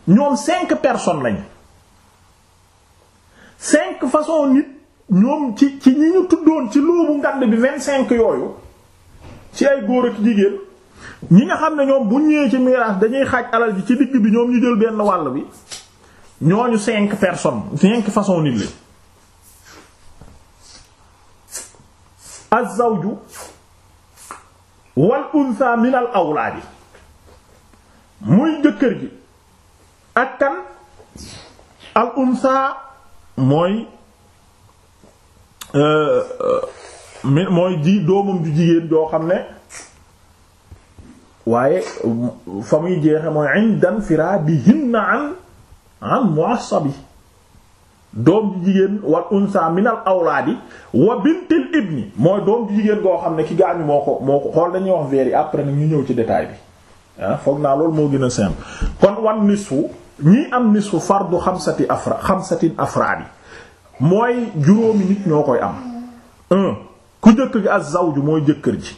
ñoom cinq personnes lañ cinq façons nit ñoom ci ci ñi ñu tuddoon ci loobu ngand bi vingt cinq yooyu ci ay góor ak jigéen ñi nga xam ne ñoom bu ñëwee ci miraas dañuy xaaj alal ji ci digg bi ñoom ñu jël benn wàll bi ñooñu cinq personnes cinq façons nit lañ az-zawju wal untha min muy jëkkër gi ak kan al unsa mooy euh, euh, mi mooy ji doomam ju jigéen joo xam ne waaye fa muy jeexe mooy indan firadihinna an an mu'assabi doom ju jigéen wal unsa min al awlaadi wa bintil ibni mooy doom ju jigéen goo xam ne ki gaañu moo ko moo ko xool dañuy wax veer après nag ñu ñëw ci détail bi ah, foog naa loolu moo gën a simple kon wan nisfu ñi am nisfu fardu xamsati afra xamsatin afraadi mooy juróomi nit ñoo koy am un ku jëkk gi az-zawju mooy jëkkër ji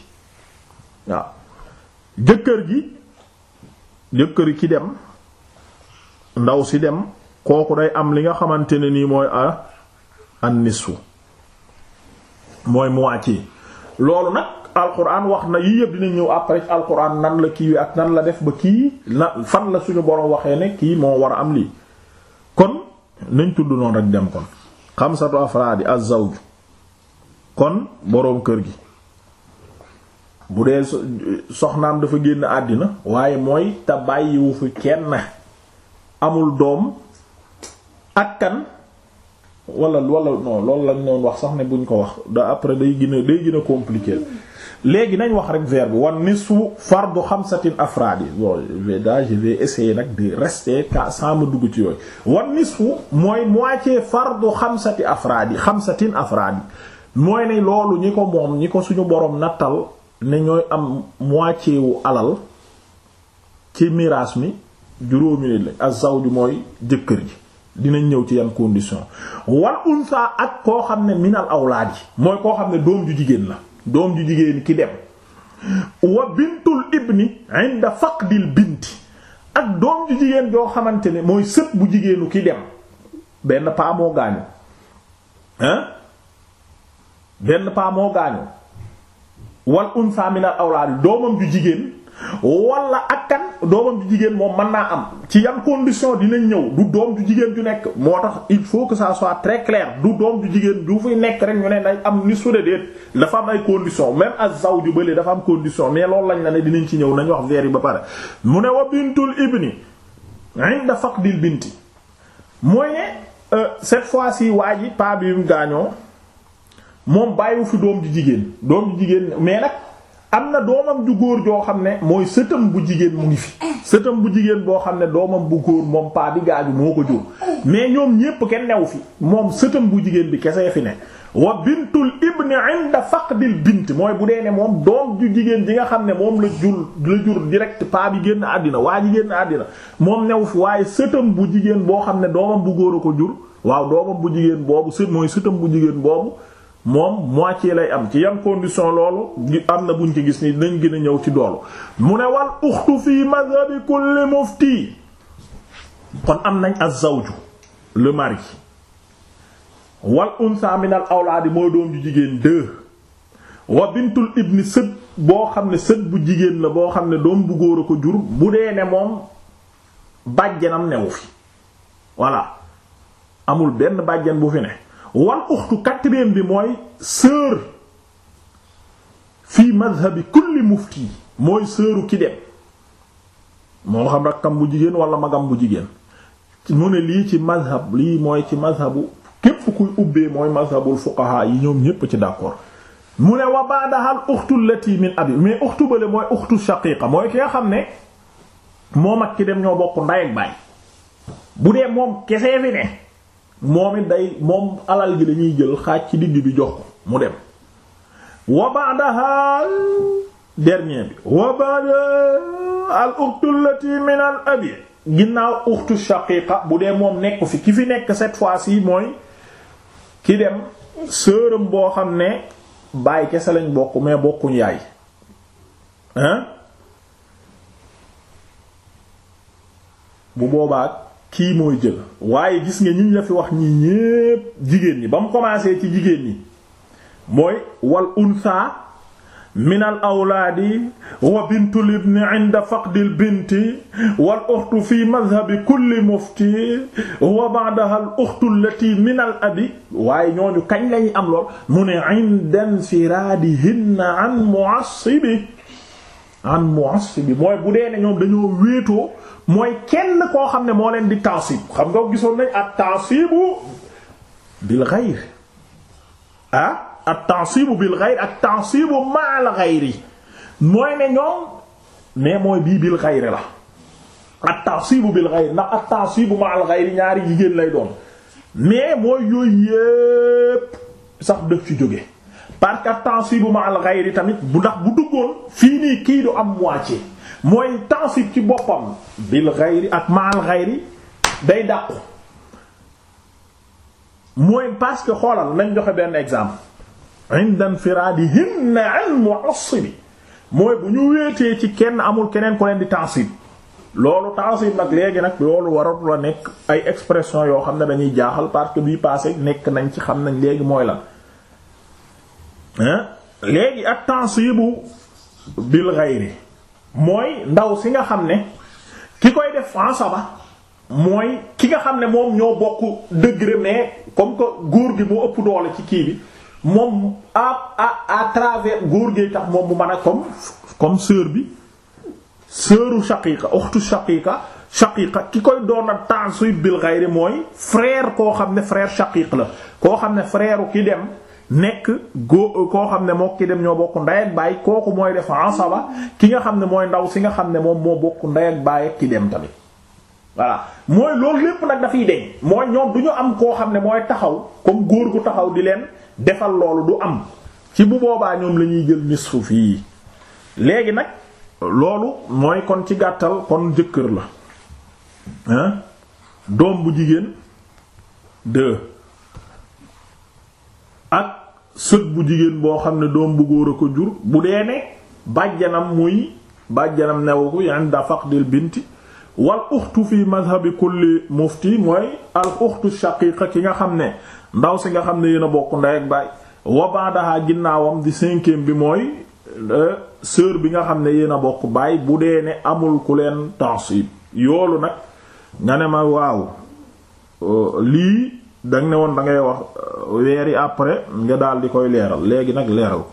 waaw jëkkër ji jëkkër ki dem ndaw si dem kooku day am li nga xamante ne nii mooy a an nisfu mooy moitié loolu nag alquran wax na yii yëpp dina ñëw après alquran nan la kii wi ak nan la def ba kii na fan la suñu borom waxee ne kii moo war a am lii kon nañ tudd noonu rek dem kon xamsatu afraadi az-zawj kon boroom kër gi bu dee soxnaam dafa génn àddina waaye mooy te bàyyiwu fi kenn amul doom ak kan wala wala non loolu lañ doon wax sax ne buñ ko wax da après day gën a day gën a léegi nañ wax rek verbe bi wan nisfu fardu xamsatin afraadi bon je vais là je vais essayer nag di rester ka sans ma dugg ci yooyu wan nisfu mooy moitié fardu xamsati afraadi xamsatin afraadi mooy ne loolu ñi ko moom ñi ko suñu boroom nattal ne ñooy am moitié wu alal ci miraas mi juróomi nit la az mooy jëkkër ji dinañ ñëw ci yan condition wal unsa ak koo xam ne minal awlaad yi mooy koo xam ne doom ju jigéen la doom ju jigéen ki dem wa bintul ibni inda faqdil binti ak doom ju jigéen joo xamante ne mooy sët bu jigéenu ki dem benn paa moo gaañu hein benn paa moo gaañu wal unsa min al awlaad doomam ju jigéen wala ak kan doomam ju jigéen moom mën naa am ci yan condition dinañ ñëw du doom ju jigéen ju nekk moo tax il faut que ça soit très clair du doom ju jigéen du fay nekk rek ñu ne day am ni sudadéet dafa am ay condition ak az-zawju bële dafa am condition mais loolu lañ la ne dinañ ci ñëw nañ wax vers yi ba pare mu ne wa bintul ibni inda di binti mooy ne euh, cette fois ci waa ji pa bi mu gaañoo moom bàyyiwu fi doom ju jigéen doom ju jigéen mais nag am na doomam ju góor joo xam ne mooy sëtam bu jigéen mu ngi fi sëtam bu jigéen boo xam ne doomam bu góor moom paa bi gaaju moo ko jur mais ñoom ñépp kenn new fi moom sëtam bu jigéen bi kese fi ne wa bintul ibni inda faqdil bint mooy bu dee moom doom ju jigéen ji nga xam ne moom la jur la jur direct paa bi génn àddina waa ji génn moom new fi waaye sëtam bu jigéen boo xam ne doomam bu góor a ko jur waaw doomam bu jigéen boobu sët mooy sëtam bu jigéen boobu moom moitié lay am ci yan condition loolu am na buñ ci gis ni dañ gën ñëw ci doolu mu ne wal uxtu fii madhabi kulli mufti kon am nañ az-zawju le mari wal unsa min al awlaadi mooy doom ju jigéen deux wa bintul ibni sët boo xam ne sët bu jigéen la boo xam ne doom bu góor a ko jur bu dee ne moom bàjjanam newu fi voilà amul benn bàjjan bu fi ne wal uxtu quatrième bi mooy sœur fii madhabi kulli mufti mooy sœuru ki moo xam rakkam bu jigéen wala magam bu jigéen mu ne lii ci madhab lii mooy ci madhabu képp kuy ubbee mooy madhabul fuqaha yi ñoom ñépp ci d'accord mu ne waa baadahal uxtu lati min abi mais uxtu bale mooy uxtu shaqiqa mooy ki nga xam ne moom ak ki dem ñoo bokk nday ak baay bu dee moom kesee fi ne moom it day moom alal ji lañuy jël xaaj ci digg bi jox ko mu dem wa ba'daha dernier bi wa al ukhtu allati abi ginnaaw ukhtu shaqiqa bu dee moom nekku fi ki fi nekk cette fois-ci mooy ki dem sërëm boo xam ne baay kese lañ bokk mais bokkuñ yaay hein bu boobaa kii mooy jël waaye gis nga ñiñ la fi wax ñi ñépp jigéen ñi ba mu commencé ci jigéen ñi mooy wal unsa min awlaadi wa bintu libni inda faqdil binti wal uxtu fi madhabi kulli mufti wa ba'daha al uxtu allati kañ lañu mu ne inda infiraadihinna mooy bu dee ne ñoom dañoo wéetoo mooy kenn koo xam ne moo leen di taasib xam nga gisoon nañ at taasibu bil ghayr ah at taasibu bil ghayr ak taasibu ma'al ghayri mooy ne ñoom mais mooy bii bil ghayr la at taasibu bil ghayr ndax at taasibu ma'al ghayri ñaari jigéen lay doon mais mooy yooyu yépp sax def ci jóge parce que at taasibu ma'al ghayri tamit bu ndax bu duggoon fii nii kii du am moitié mooy tansib ci boppam bil xayri ak maal xayri day dàqu mooy parce que xoolal nañ joxe benn exemple inda infiraadihinna an mu'assibi mooy bu ñu wéetee ci kenn amul keneen ku leen di tansib loolu tansib nag léegi nag loolu waratu nekk ay expression yoo xam ne dañuy jaaxal parce que bii passé nekk nañ ci xam nañ léegi mooy lan léegi ak tansibu bil xayri mooy ndaw si nga xam ne ki koy def asaba mooy ki nga xam ne moom ñoo bokk degré mais comme que góor gi moo ëpp doole ci kii bi moom à à góor gi tax moom bu mën a comme comme sœur bi sœuru shaqiqa ukhtu shaqiqa shaqiqa ki koy doon a tansib bil ghayri mooy frère koo xam ne frère shaqiq la koo xam ne frère ki dem nekk góo koo xam ne moo ki dem ñoo bokk ndey ak baay kooku mooy def asaba ki nga xam ne mooy ndaw si nga xam ne moom moo bokk ndey ak baay ak ki dem tamit voilà mooy loolu lépp nag dafay deñ mooy ñoom du ñu am koo xam ne mooy taxaw comme góor gu taxaw di leen defal loolu du am ci bu boobaa ñoom lañuy ñuy jël nisfu fii léegi nag loolu mooy kon ci gàttal kon jëkkër la doom bu jigéen deux ak sët bu jigéen boo xam ne doom bu góor a ko jur bu dee ne bàjjanam muy bàjjanam newu ko inda faqdil binti wal uxtu fi madhabi kulli mufti mooy al uxtu shaqiqa ki nga xam ne ndaw si nga xam ne yéen a bokk ndey ak baay wa ba'daha ginnaawam di cinquième bi mooy euh, sœur bi nga xam ne yéen bokk baay bu dee ne amul ku leen tansib yoolu nag nga ne ma waaw euh, lii danga ne woon da ngay wax euh, weer yi après nga daal di koy leeral léegi nag leeral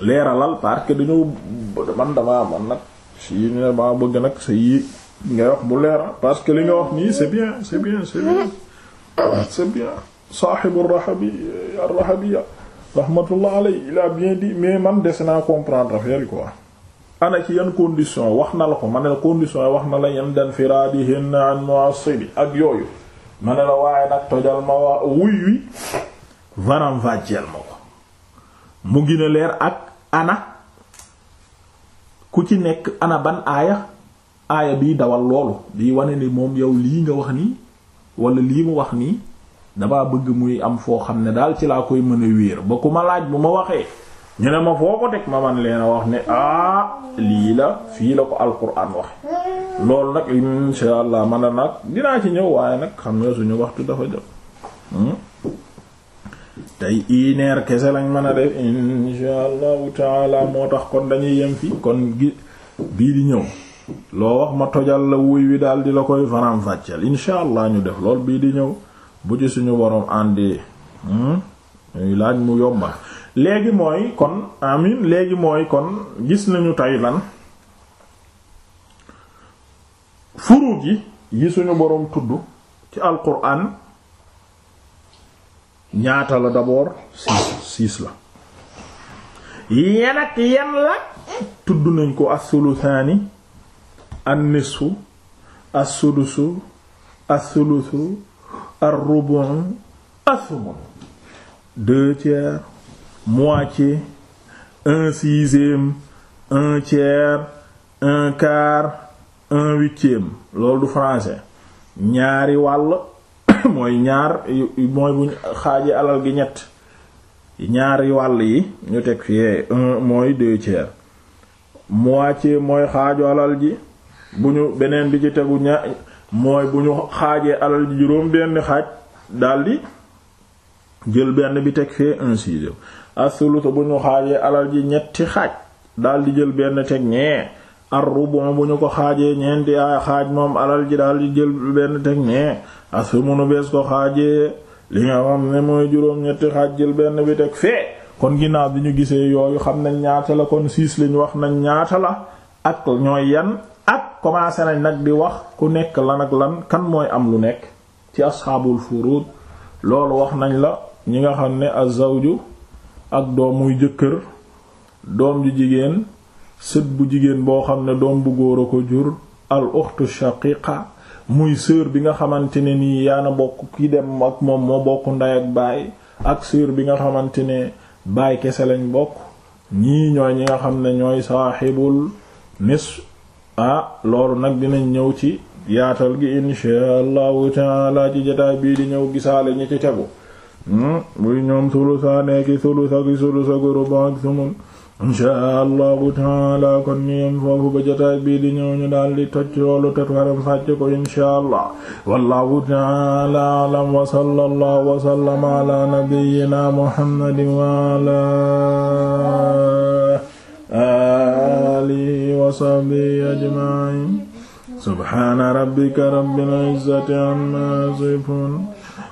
leeralal parce que dañoo man damaa man nag si ne maa bëgg nag sa yi ngay wax bu leeral parce que li nga wax nii c'est bien c'est bien c'est bien c'est bien saaxibu rahabi ar-rahabiya rahmatullah alayhi il a bien dit mais man des naa comprendre affaire yi quoi ana ci yan condition wax na la ko ma ne la condition wax na la yan dan firaadihinna an mu'assibi ak yooyu ma ne la waaye nag tojal ma waa wuy wi varam vajjel ma ko mu gën leer ak ana ku ci nekk ana ban aaya aaya biy dawal loolu di wane ni moom yow lii nga wax nii wala lii mu wax nii damaa bëgg muy am foo xam ne daal ci laa koy mën a wéer ba ku ma laaj bu ma waxee ñu ne ma foo ko teg ma man leen a wax ne ah lii la fii la ko alquran wax loolu nag insha allah man a nag dinaa ci ñëw waaye nag xam nga suñu waxtu dafa jot hmm? tey ineer kese lañ mën a def insha allahu taala moo tax kon dañuy yem fi kon gi bii di ñëw loo wax ma tojal la wuy wi daal di la koy faram fàcceel insha allah ñu def lool bii di ñëw bu ci suñu boroom àndee hmm? ñuy laaj mu yomba léegi mooy kon amin léegi mooy kon gis nañu tey lan furuut yi yi suñu boroom tudd ci alquran ñaata la d'abord six six la yan ak yan la tudd nañ ko as-sulusaani an-nisfu as-sudusu as-sulusu ar-rubu' as moitié un sixième un tiers un quart un huitième loolu du français ñaari wàll mooy ñaar mooy buñ xaaji alal gi ñett ñaari wàll yi ñu teg fii un mooy deux tiers moitié mooy xaaju alal ji bu ñu beneen bi ci tegu ña mooy bu ñu xaajee alal ji juróom benn xaaj daldi jël benn bi teg fee as-sulusu bu ñu xaajee alal ji ñetti xaaj daal di jël benn teg ñee ar-rubu bu ñu ko xaajee ñeenti ay xaaj moom alal ji daal di jël benn teg ñee as-sumunu bees ko xaajee li nga xam ne mooy juróom ñetti xaaj jël benn bi teg fee kon ginnaaw bi ñu gisee yooyu xam nañ ñaata la kon siis liñ wax nañ ñaata la ak ñooy yan ak commencé nañ nag di wax ku nekk lan ak lan kan mooy am lu nekk ci asxaabul furud loolu wax nañ la ñi nga xam ne az-zawju ak doom muy jëkkër doom ju jigéen sët bu jigéen boo xam ne doom bu góor a ko jur al uxtu shaqiqa muy sœur bi nga xamante ne nii yaana bokk ki dem ak moom moo bokk ndey ak baay ak sœur bi nga xamante ne baay kese lañ bokk ñii ñooy ñi nga xam ne ñooy saaxibul nis ah loolu nag dinañ ñëw ci yaatal gi inshaa allahu taala ci jotaay bii di ñëw gisaale ñi ci tegu Hmm? muy ñoom sulusa nekki sulusa ki sulusa ki rubu ak sumul insha allahu taala kon ñu yem foofu ba jotaay bii di ñëw ñu daal di toj loolu te waram fàcc ko insha allah wallahu taala alam wa sallallahu wa sallama ala nabiyyina muhammadin wa ala alihi wa sahbihi ajma'in subhana rabbika rabbil izzati amma yasifun